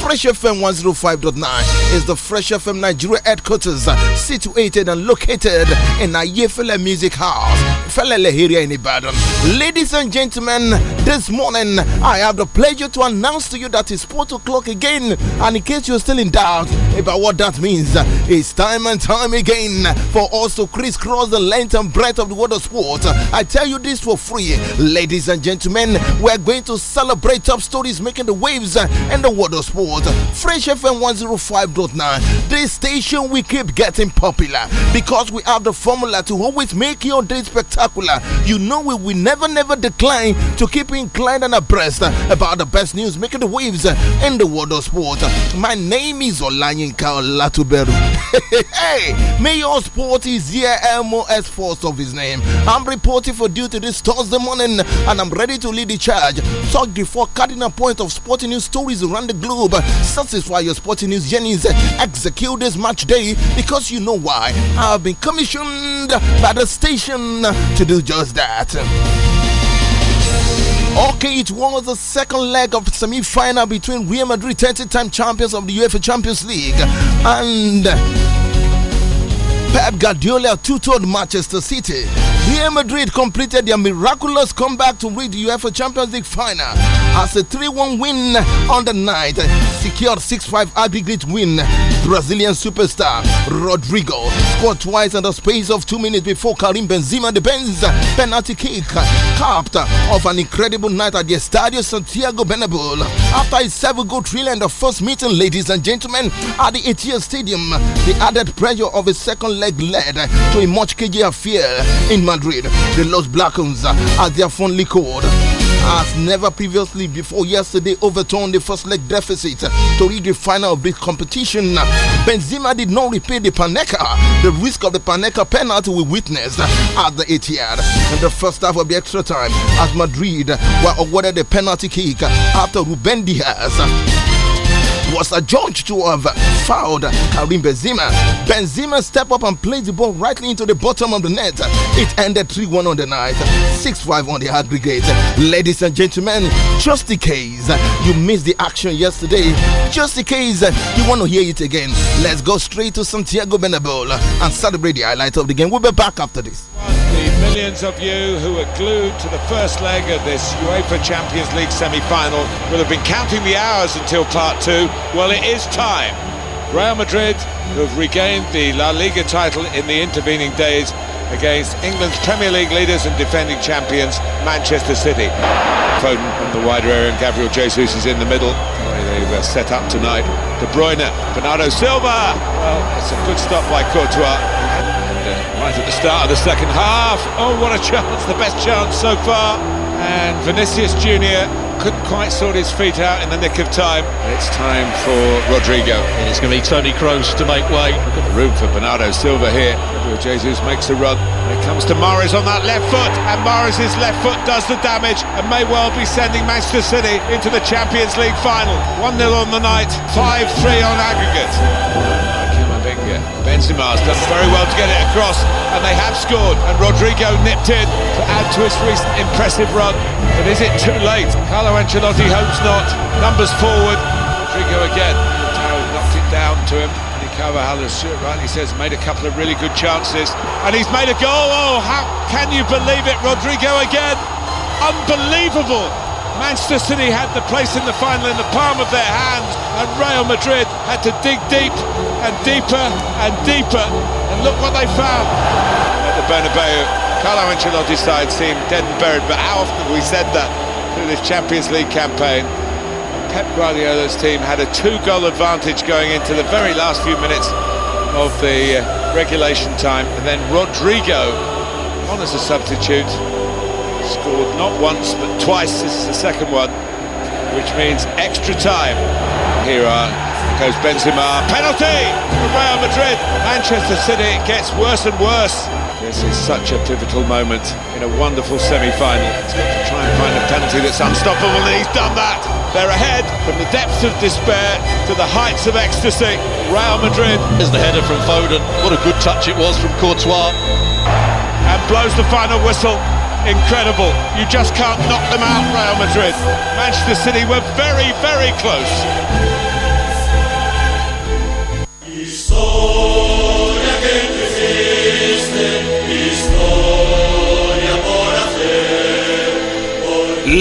Fresh FM 105.9 is the Fresh FM Nigeria headquarters situated and located in Ayefele Music House, Felele area in Ibadan. Ladies and gentlemen, this morning I have the pleasure to announce to you that it's 4 o'clock again. And in case you're still in doubt about what that means, it's time and time again for us to crisscross the length and breadth of the world of sport I tell you this for free, ladies and gentlemen. We're going to celebrate top stories making the waves in the world of sport. Fresh FM 105.9. This station we keep getting popular because we have the formula to always make your day spectacular. You know we will never, never decline to keep inclined and abreast about the best news making the waves in the world of sport. My name is Olanyinka Latuberu. hey, your Sport is here, MOS force of his name. I'm reporting for duty this Thursday morning, and I'm ready to lead the charge. Talk the four cardinal points of sporting news stories around the globe. Satisfy your sporting news genies Execute this match day because you know why. I've been commissioned by the station to do just that. Okay, it was the second leg of semi-final between Real Madrid 30-time champions of the UEFA Champions League and Pep Guardiola tutored Manchester City. Real Madrid completed their miraculous comeback to reach the UEFA Champions League final as a 3-1 win on the night secured 6-5 aggregate win. Brazilian superstar Rodrigo scored twice in the space of two minutes before Karim Benzema Benz penalty kick capped off an incredible night at the Estadio Santiago Bernabeu. After a seven-goal thriller in the first meeting, ladies and gentlemen, at the ATS Stadium, the added pressure of a second leg led to a much cagey affair in Madrid. The Los Blancos, uh, as they are fondly called, has never previously before yesterday overturned the first leg deficit to reach the final of this competition. Benzema did not repay the Paneca. The risk of the Paneca penalty we witnessed at the Etihad in the first half of the extra time as Madrid were awarded a penalty kick after Ruben Diaz was adjudged to have fouled Karim Benzema. Benzema stepped up and played the ball rightly into the bottom of the net. It ended 3 1 on the night, 6 5 on the aggregate. Ladies and gentlemen, just in case you missed the action yesterday, just in case you want to hear it again, let's go straight to Santiago Benabol and celebrate the highlight of the game. We'll be back after this. Millions of you who were glued to the first leg of this UEFA Champions League semi-final will have been counting the hours until part two. Well, it is time. Real Madrid, who have regained the La Liga title in the intervening days against England's Premier League leaders and defending champions, Manchester City. Foden from the wider area and Gabriel Jesus is in the middle. they've uh, set up tonight. De Bruyne, Bernardo Silva. Well, that's a good stop by Courtois at the start of the second half. Oh, what a chance, the best chance so far. And Vinicius Junior couldn't quite sort his feet out in the nick of time. It's time for Rodrigo. And it's going to be Tony Kroos to make way. Look at the room for Bernardo Silva here. Gabriel Jesus makes a run. It comes to Mares on that left foot, and Mares' left foot does the damage and may well be sending Manchester City into the Champions League final. 1-0 on the night, 5-3 on aggregate. Benzema Benzema's done very well to get it across, and they have scored. And Rodrigo nipped in to add to his recent impressive run. But is it too late? Carlo Ancelotti hopes not. Numbers forward. Rodrigo again. Tao knocked it down to him. And Carvajal has rightly says made a couple of really good chances, and he's made a goal. Oh, how can you believe it, Rodrigo again? Unbelievable. Manchester City had the place in the final in the palm of their hands, and Real Madrid had to dig deep and deeper and deeper, and look what they found. At the Bernabeu, Carlo Ancelotti's side seemed dead and buried, but how often have we said that through this Champions League campaign? Pep Guardiola's team had a two-goal advantage going into the very last few minutes of the uh, regulation time, and then Rodrigo, on as a substitute, scored not once but twice. This is the second one, which means extra time. Here are Goes Benzema, penalty for Real Madrid. Manchester City gets worse and worse. This is such a pivotal moment in a wonderful semi-final. He's got to try and find a penalty that's unstoppable, and he's done that. They're ahead from the depths of despair to the heights of ecstasy. Real Madrid. Is the header from Foden. What a good touch it was from Courtois. And blows the final whistle incredible. You just can't knock them out, Real Madrid. Manchester City were very, very close. Oh.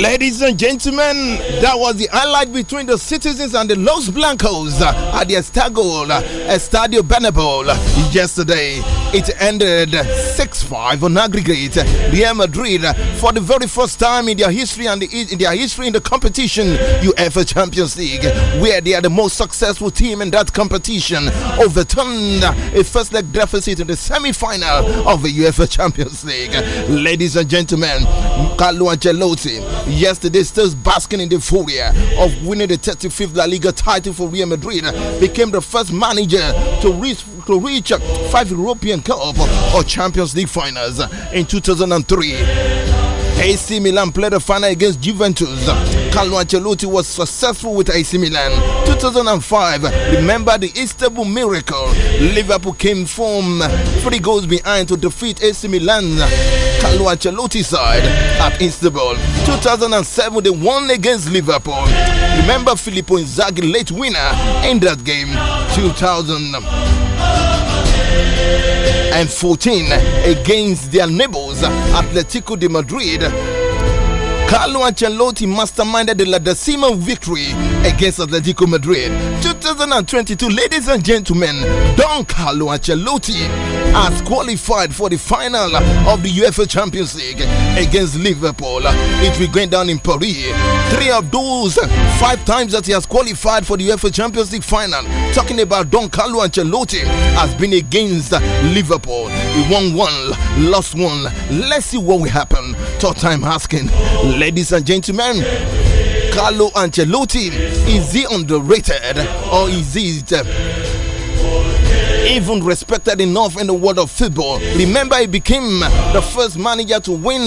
Ladies and gentlemen, that was the highlight between the citizens and the Los Blancos at the Estadio Benabol yesterday. It ended 6 5 on aggregate. Real Madrid, for the very first time in their history and the, in their history in the competition, UEFA Champions League, where they are the most successful team in that competition, overturned a first leg deficit in the semi final of the UEFA Champions League. Ladies and gentlemen, Carlo Ancelotti Yesterday, still basking in the fury of winning the 35th La Liga title for Real Madrid, became the first manager to reach to reach five European Cup or Champions League finals in 2003. AC Milan played the final against Juventus Carlo Ancelotti was successful with AC Milan. 2005, remember the Istanbul miracle. Liverpool came from three goals behind to defeat AC Milan. Carlo Ancelotti side at Istanbul. 2007, they won against Liverpool. Remember Filippo Inzaghi, late winner in that game. 2000 and 14 against their neighbors Atletico de Madrid Carlo Ancelotti masterminded the La Decima victory against Atletico Madrid. 2022, ladies and gentlemen, Don Carlo Ancelotti has qualified for the final of the UEFA Champions League against Liverpool. It will go down in Paris. Three of those five times that he has qualified for the UEFA Champions League final, talking about Don Carlo Ancelotti, has been against Liverpool. He won one, lost one. Let's see what will happen. Third time asking. Ladies and gentlemen, Carlo Ancelotti is he underrated or is he uh, even respected enough in the world of football. Remember, he became the first manager to win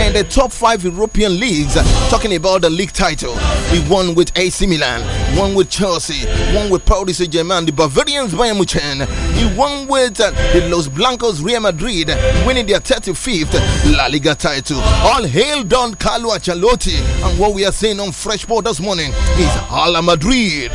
in the top five European leagues. Talking about the league title, he won with AC Milan, won with Chelsea, won with Paris Saint Germain, the Bavarians Bayern Munich. He won with uh, the Los Blancos Real Madrid, winning their 35th La Liga title. All hail Don Carlo Ancelotti, and what we are saying on Fresh Sport this morning is Ala Madrid.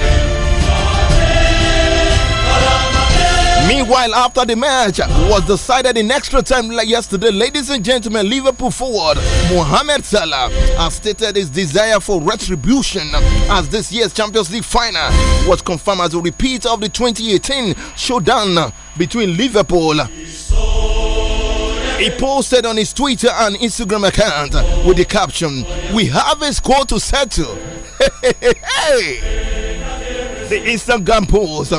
Meanwhile, after the match was decided in extra time like yesterday, ladies and gentlemen, Liverpool forward Mohamed Salah has stated his desire for retribution as this year's Champions League final was confirmed as a repeat of the 2018 showdown between Liverpool. He posted on his Twitter and Instagram account with the caption, We have a score to settle. the Instagram post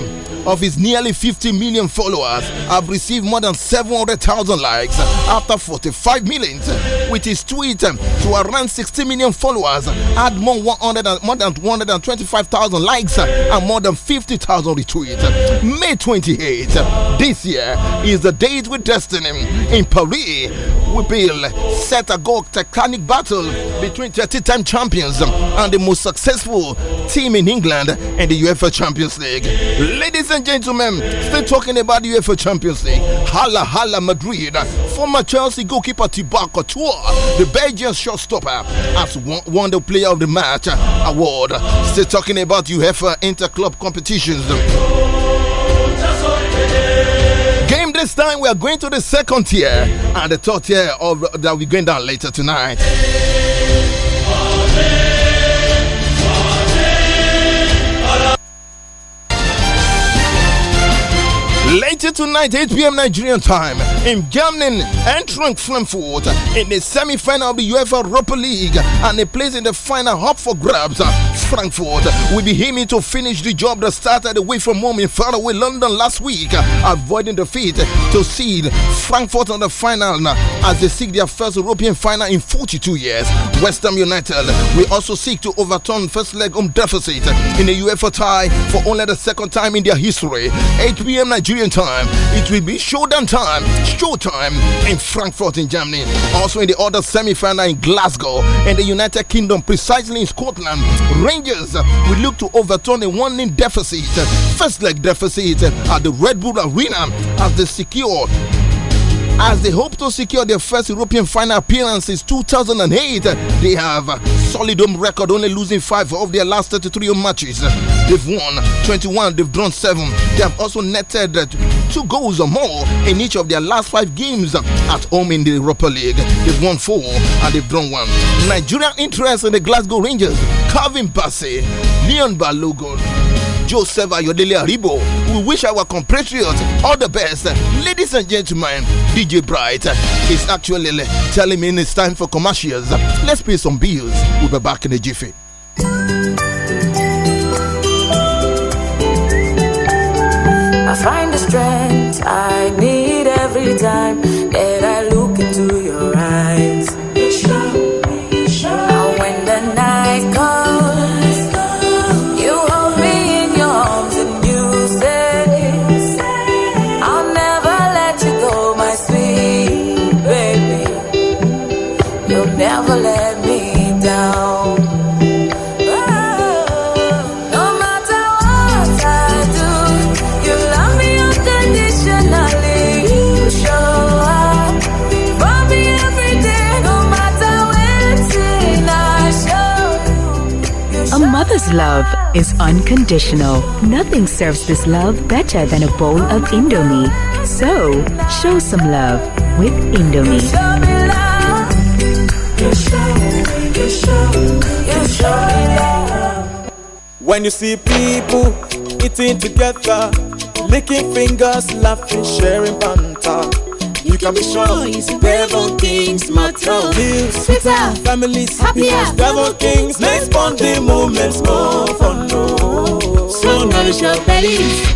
of his nearly 50 million followers have received more than 700,000 likes after 45 minutes with his tweet to around 60 million followers had more, 100, more than 125,000 likes and more than 50,000 retweets. May 28 this year is the date with destiny in Paris Whipple set agog titanic battle between 30-time champions and the most successful team in England in the UEFA Champions League. Ladies and gentlemen, still talking about the UEFA Champions League. Hala Hala Madrid, former Chelsea goalkeeper Thibaut the Belgian shortstopper, has won the Player of the Match award. Still talking about UEFA Interclub competitions this time we are going to the second tier and the third tier of that we're going down later tonight. Later tonight, 8 p.m. Nigerian time, in Germany, entering Frankfurt in the semi final of the UEFA Europa League and a place in the final hop for grabs Frankfurt will be aiming to finish the job that started away from home in faraway London last week, avoiding defeat to seed Frankfurt on the final as they seek their first European final in 42 years. West Ham United will also seek to overturn first leg home deficit in the UEFA tie for only the second time in their history. 8 p.m. Nigerian time, it will be showdown time, showtime in Frankfurt in Germany. Also in the other semi-final in Glasgow and the United Kingdom, precisely in Scotland, Rangers will look to overturn a 1 in deficit, first leg deficit at the Red Bull Arena as they secure as they hope to secure their first European final appearance since 2008, they have Solid home record, only losing five of their last 33 home matches. They've won 21, they've drawn seven. They have also netted two goals or more in each of their last five games at home in the Europa League. They've won four and they've drawn one. Nigerian interest in the Glasgow Rangers, Calvin Bassey, Leon Balogun. Joseph Ayodele Aribo. We wish our compatriots all the best. Ladies and gentlemen, DJ Bright is actually telling me it's time for commercials. Let's pay some bills. We'll be back in a jiffy. I find the strength I need every time love is unconditional. Nothing serves this love better than a bowl of Indomie. So, show some love with Indomie. When you see people eating together, licking fingers, laughing, sharing fun. Commission. Devil Kings matter. Bills, sweeter, families, happier. Devil Kings makes bonding moments more fun. Oh. So nourish your bellies.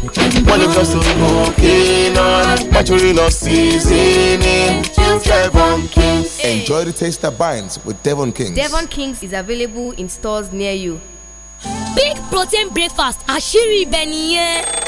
When it comes to smoking on, naturally love seasoning. Devon Kings. Enjoy the taste that binds with Devon Kings. Devon Kings is available in stores near you. Big protein breakfast, àṣírí ibẹ̀ nìyẹn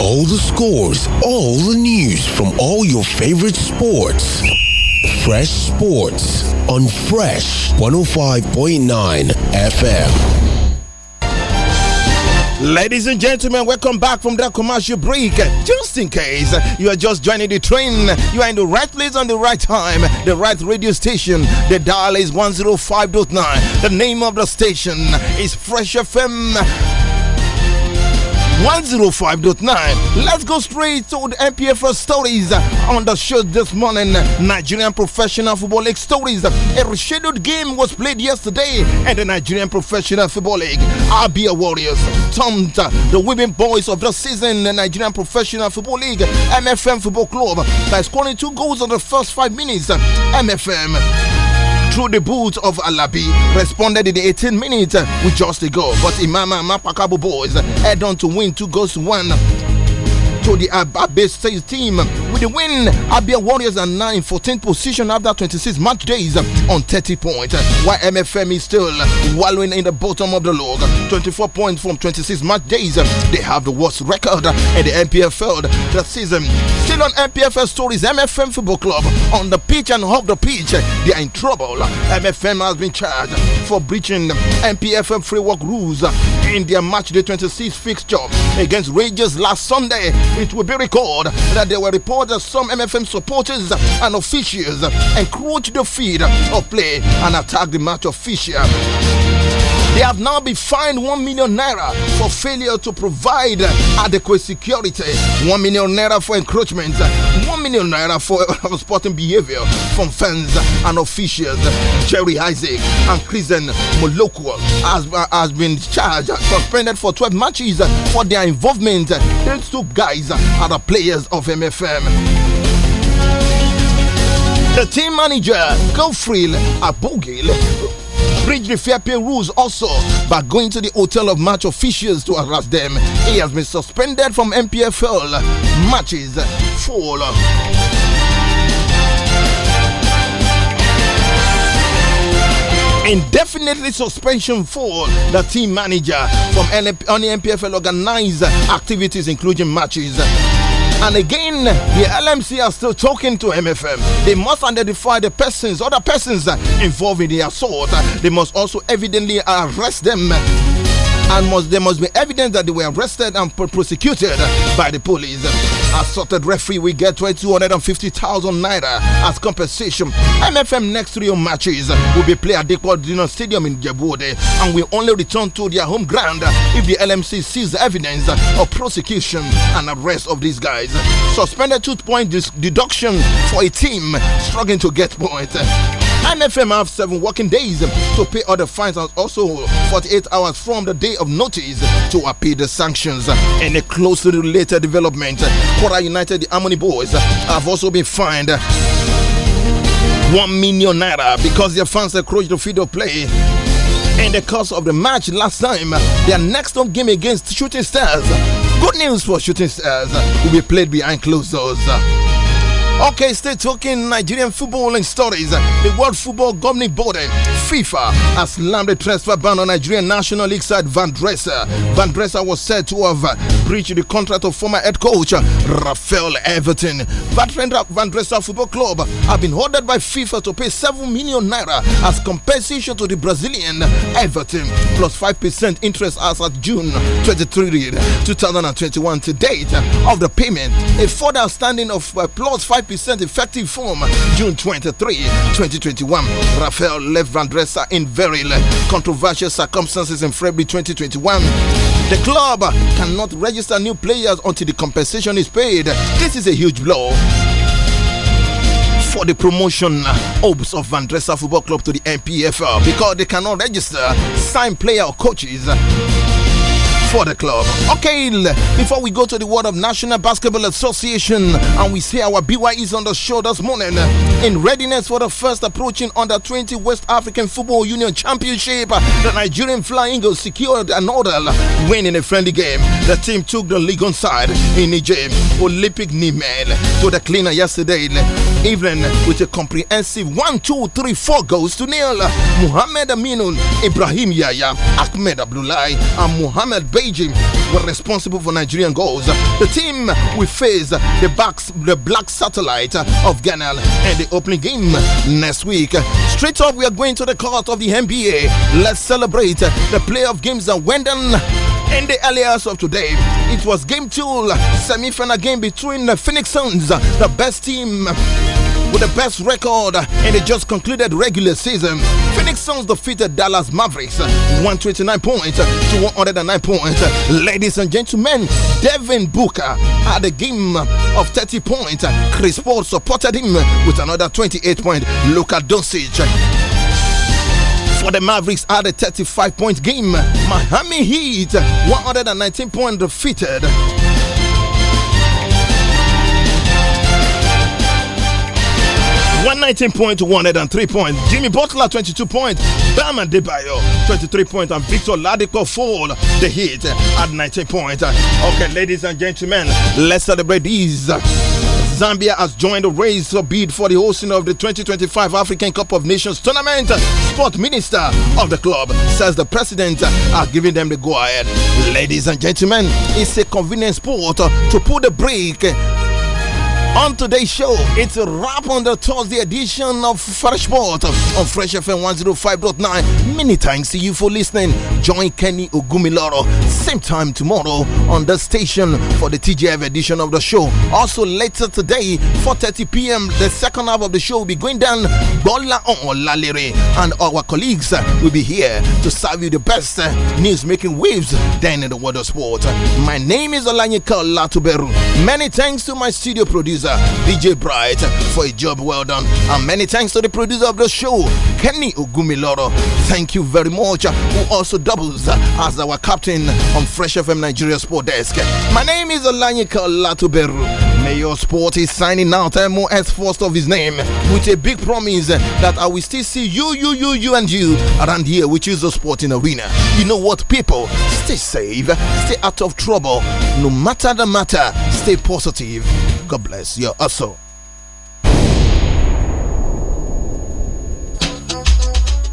All the scores, all the news from all your favorite sports. Fresh Sports on Fresh 105.9 FM. Ladies and gentlemen, welcome back from that commercial break. Just in case you are just joining the train, you are in the right place on the right time, the right radio station. The dial is 105.9. The name of the station is Fresh FM. 105.9. Let's go straight to the MPFL stories on the show this morning. Nigerian Professional Football League stories. A rescheduled game was played yesterday at the Nigerian Professional Football League. Abia Warriors thumped the women boys of the season, the Nigerian Professional Football League, MFM Football Club, by scoring two goals in the first five minutes. MFM through the boots of Alabi, responded in the 18 minutes with just a goal. But Imama Mapakabu boys head on to win two goals to one to the Abia State team. With the win, Abia Warriors are now in 14th position after 26 match days on 30 points, while MFM is still wallowing in the bottom of the log. 24 points from 26 match days. They have the worst record in the MPFL this season. Still on MPFL stories, MFM Football Club on the pitch and off the pitch, they are in trouble. MFM has been charged for breaching MPFM framework rules in their match day 26 fixture against Rangers last Sunday. It will be recalled that there were reports that some MFM supporters and officials encroached the field of play and attacked the match official. They have now been fined 1 million naira for failure to provide adequate security, 1 million naira for encroachment, 1 million naira for sporting behavior from fans and officials. Jerry Isaac and Chrisen Moloko has, has been charged and suspended for 12 matches for their involvement. These two guys are the players of MFM. The team manager, Gofril Abogil, Bridge repair pay rules also by going to the hotel of match officials to harass them. He has been suspended from MPFL matches full. indefinitely suspension for the team manager from any MPFL organized activities, including matches. And again, the LMC are still talking to MFM. They must identify the persons, other persons involved in the assault. They must also evidently arrest them and must there must be evidence that they were arrested and prosecuted by the police. Assorted referee will get 250,000 naira as compensation. MFM next three matches will be played at the Quadrino Stadium in Djibouti and will only return to their home ground if the LMC sees evidence of prosecution and arrest of these guys. Suspended two point deduction for a team struggling to get points. And have seven working days to pay other fines and also 48 hours from the day of notice to appeal the sanctions. And a closely related development, Kora United, the Harmony Boys, have also been fined one million naira because their fans encroached the field of play. In the course of the match last time, their next home game against Shooting Stars. Good news for Shooting Stars will be played behind closed doors. Okay, stay talking Nigerian footballing stories. The World Football Governing Body, FIFA, has slammed the transfer ban on Nigerian National League side Van Dresser. Van Dresser was said to have breached the contract of former head coach Rafael Everton. Van Dresser Football Club have been ordered by FIFA to pay 7 million naira as compensation to the Brazilian Everton, plus 5% interest as at June 23, 2021. To date of the payment, a further outstanding of uh, 5 100 effective form. June 23, 2021. Rafael left Van Dresser in very controversial circumstances in February 2021. The club cannot register new players until the compensation is paid. This is a huge blow for the promotion hopes of Vandresa Football Club to the NPFL because they cannot register, sign player or coaches for the club. Okay, before we go to the world of National Basketball Association and we see our BYEs on the show this morning in readiness for the first approaching under 20 West African Football Union Championship, the Nigerian Flying Eagles secured another win in a friendly game. The team took the league on side in Niger. Olympic Niemen to the cleaner yesterday evening with a comprehensive one, two, three, four goals to nil. Muhammad Aminun, Ibrahim Yaya, Ahmed Abdullahi, and Muhammad Beijing were responsible for Nigerian goals. The team will face the, backs, the black satellite of Ghana in the opening game next week. Straight up, we are going to the court of the NBA. Let's celebrate the playoff games that went down in the early hours of today, it was game two, semi-final game between the Phoenix Suns, the best team with the best record in the just concluded regular season. Phoenix Suns defeated Dallas Mavericks 129 points to 109 points. Ladies and gentlemen, Devin Booker had a game of 30 points. Chris Paul supported him with another 28 points. Luka Doncic for the Mavericks had a 35 point game. Miami Heat 119 point defeated. One nineteen point, one hundred and three point. Jimmy Butler twenty two point. Bam and Debayo twenty three point, and Victor Ladipo fall the Heat, at nineteen point. Okay, ladies and gentlemen, let's celebrate these. Zambia has joined the race bid for the hosting of the 2025 African Cup of Nations tournament. Sport Minister of the club says the president are giving them the go ahead. Ladies and gentlemen, it's a convenient sport to put the brake on today's show, it's a wrap on the Thursday edition of Fresh Sport on Fresh FM 105.9. Many thanks to you for listening. Join Kenny Ogumiloro same time tomorrow on the station for the TGF edition of the show. Also later today, 4.30 p.m., the second half of the show will be going down Bola Olalere and our colleagues will be here to serve you the best news making waves down in the world of sport. My name is Olanyika Latuberu. Many thanks to my studio producer producer, DJ Bright, for a job well done. And many thanks to the producer of the show, Kenny Ogumiloro. Thank you very much, who also doubles as our captain on Fresh FM Nigeria Sport Desk. My name is Olanyika Latuberu. Mayor Sport is signing out MOS first of his name with a big promise that I will still see you, you, you, you, and you around here, which is the sporting arena. You know what, people? Stay safe, stay out of trouble. No matter the matter, stay positive. God bless your hustle.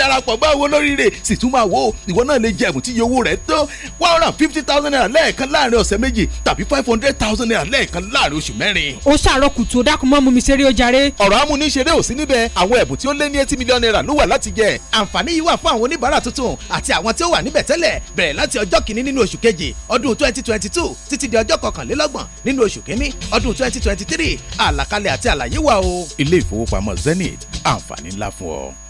darapọ̀ bá owó lóríire sì tún máa wò ó ìwọ náà lè jẹ̀bù tí iye owó rẹ̀ tó one hundred and fifty thousand naira lẹ́ẹ̀kan láàrin ọ̀sẹ̀ méjì tàbí five hundred thousand naira lẹ́ẹ̀kan láàrin oṣù mẹ́rin. ó ṣàárọ̀ kùtù ó dákun mọ́ mú mi ṣeré ó ọ̀rọ̀ amúniṣeré ò sí níbẹ̀ àwọn ẹ̀bùn tí ó lé ní eighty million naira ló wà láti jẹ. àǹfààní yìí wà fún àwọn oníbàárà tuntun àti àwọn tí ó wà níbẹ̀ tẹ́lẹ̀ bẹ̀rẹ̀ láti ọjọ́ kìíní nínú oṣù kejì ọdún twenty twenty two títí di ọjọ́ kọkànlélọ́gbọ̀n nínú oṣù kìíní ọdún twenty twenty three àlàkalẹ̀ àti àlàyé wà o. ilé ìfowópamọ́ Zenith àǹfààní ńlá fún ọ.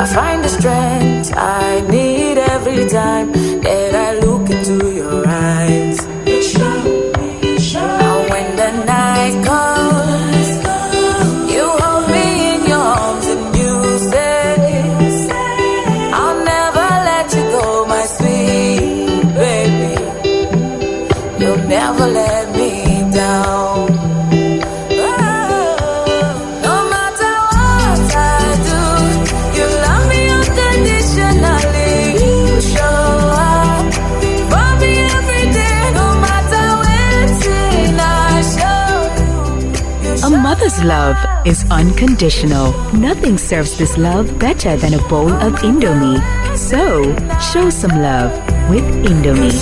I find the strength I need every time. Every Mother's love is unconditional. Nothing serves this love better than a bowl of Indomie. So, show some love with Indomie.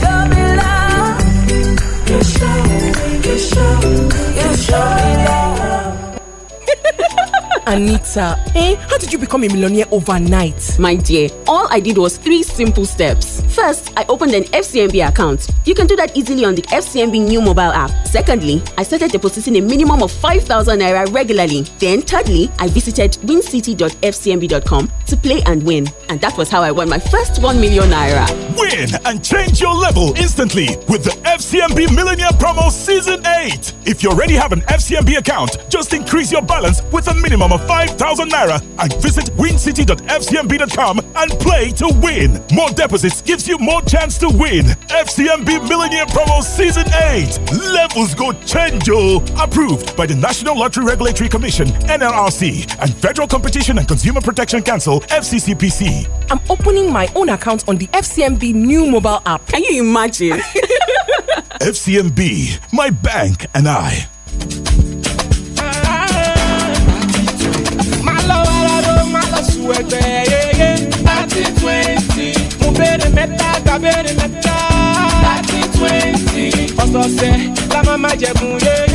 Anita, eh? How did you become a millionaire overnight? My dear, all I did was three simple steps. First, I opened an FCMB account. You can do that easily on the FCMB new mobile app. Secondly, I started depositing a minimum of 5,000 naira regularly. Then, thirdly, I visited wincity.fcmb.com to play and win. And that was how I won my first 1 million naira. Win and change your level instantly with the FCMB Millionaire Promo Season 8. If you already have an FCMB account, just increase your balance with a minimum of 5,000 naira and visit wincity.fcmb.com and play to win. More deposits gives you more chance to win. FCMB Millennium Promo Season 8. Levels go change. Approved by the National Lottery Regulatory Commission, NLRC, and Federal Competition and Consumer Protection Council, FCCPC. I'm opening my own account on the FCMB new mobile app. Can you imagine? FCMB, my bank and I. My love, love, my love, gbàbẹ́rẹ́ mẹ́ta gbàbẹ́rẹ́ mẹ́ta. thirty twenty. ọ̀sọ̀ọ̀sẹ̀ la máa máa jẹ̀bùn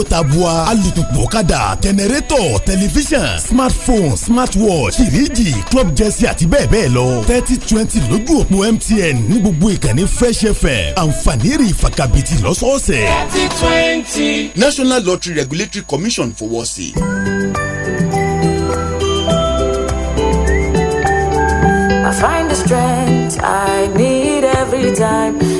owó tabua alùpùpù kàdà jẹnẹrétọ̀ tẹlifíṣàn smartphone smartwatch fìríjì club jẹ́sí àti bẹ́ẹ̀ bẹ́ẹ̀ lọ thirty twenty lójú òpó MTN ní gbogbo ìkànnì Fresh FM àǹfààní rí ìfakabìtì lọ́sọ̀ọ̀sẹ̀. thirty twenty. National Lottery Regulatory Commission fowọ́ sí i. I find the strength I need every time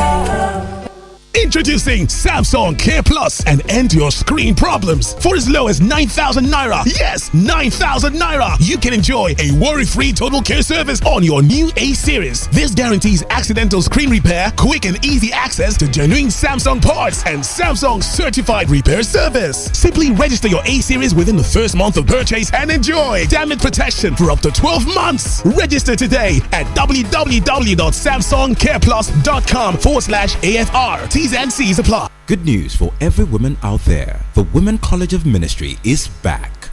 Introducing Samsung Care Plus and end your screen problems. For as low as 9,000 naira, yes, 9,000 naira, you can enjoy a worry free total care service on your new A series. This guarantees accidental screen repair, quick and easy access to genuine Samsung parts, and Samsung certified repair service. Simply register your A series within the first month of purchase and enjoy damage protection for up to 12 months. Register today at www.samsungcareplus.com forward slash AFR. T's and apply. Good news for every woman out there. The Women College of Ministry is back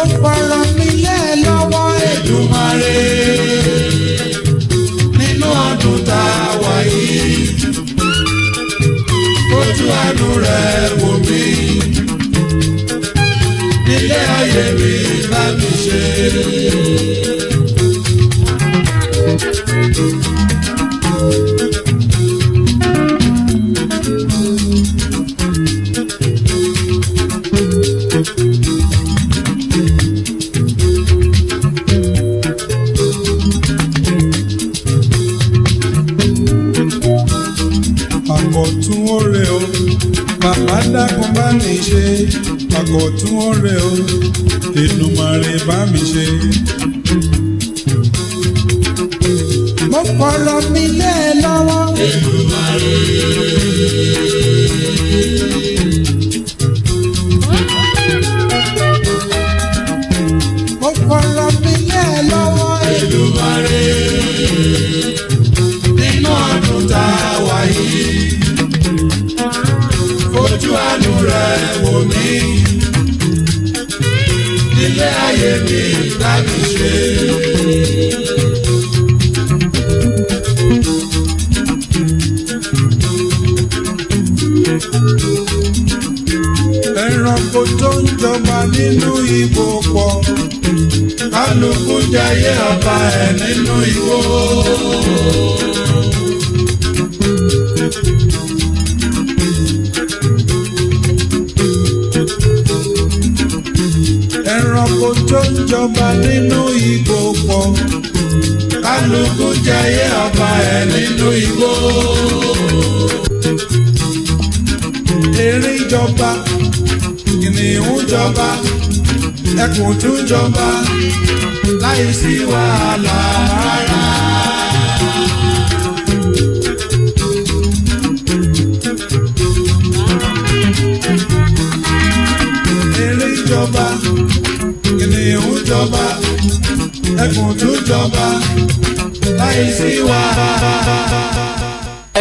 ó fọ̀rọ̀ mi lẹ́ lọ́wọ́ Èdùmàrè nínú ọdún tá a wà yìí ojú àánú rẹ̀ wò mí nílé ayé mi bá mi ṣe.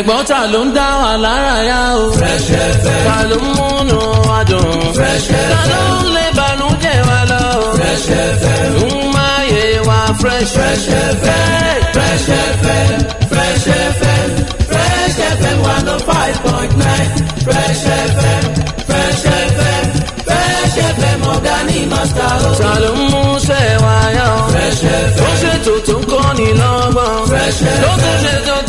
ṣùgbọ́n ta ló ń dá wa lára yá o. Fresh FM. ta ló ń múnú wa dùn. Fresh FM. ta ló ń lé bànújẹ́ wa lọ. Fresh FM. ń máyé wa Fresh FM. Fresh FM. Fresh FM. Fresh FM one oh five point nine. Fresh FM. Fresh FM. Fresh FM ọ̀gá ní màsà o. ta ló ń mú sẹ́wà yá o. Fresh FM. ó ṣètò tó ń kọ́ni lọ́gbọ̀n. Fresh FM. ló tún ṣètò tó.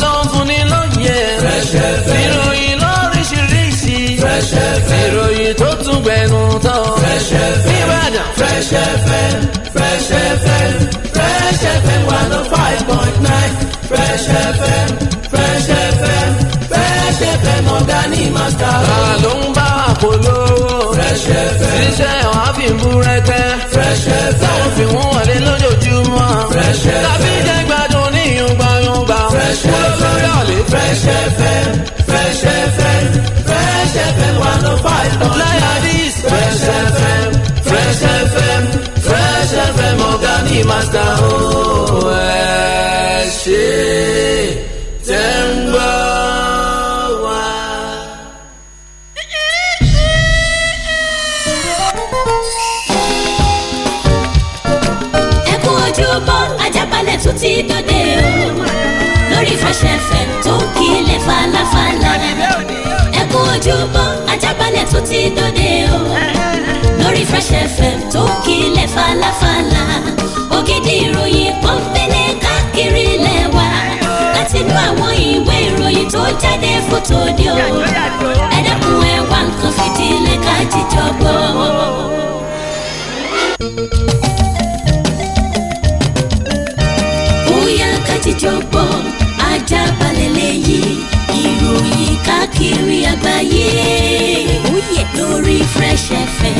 fresh fm fresh fm fresh fm fresh fm one oh five point nine fresh fm fresh fm fresh fm ọ̀gá master. màkà. ta fresh fm ṣíṣe ọ̀hán fi fresh fm táwọn fi wọ́n wọlé lójoojúmọ́. fresh fm tàbí jẹ́ gbádùn ní yungbayungba. fresh fm kúló lórí fresh fm fresh fm fresh fm one oh five point nine. yín máta ó ẹ ṣe tẹ́ ẹ kú ojúbọ Ajaabale tún ti dòde o lórí Fresh FM tó ń kílẹ̀ falafala ẹ kú ojúbọ Ajaabale tún ti dòde o lórí Fresh FM tó ń kílẹ̀ falafala ògidì ìròyìn kan fẹlẹ káàkiri lẹwa láti inú àwọn ìwé ìròyìn tó jáde fótó di o ẹ dẹ́kun ẹ wá nǹkan fìdílé ká jíjọ gbọ́. bóyá ká jíjọ gbọ́ ajá balẹ̀ lẹ́yìn ìròyìn káàkiri àgbáyé oh, lórí Fresh FM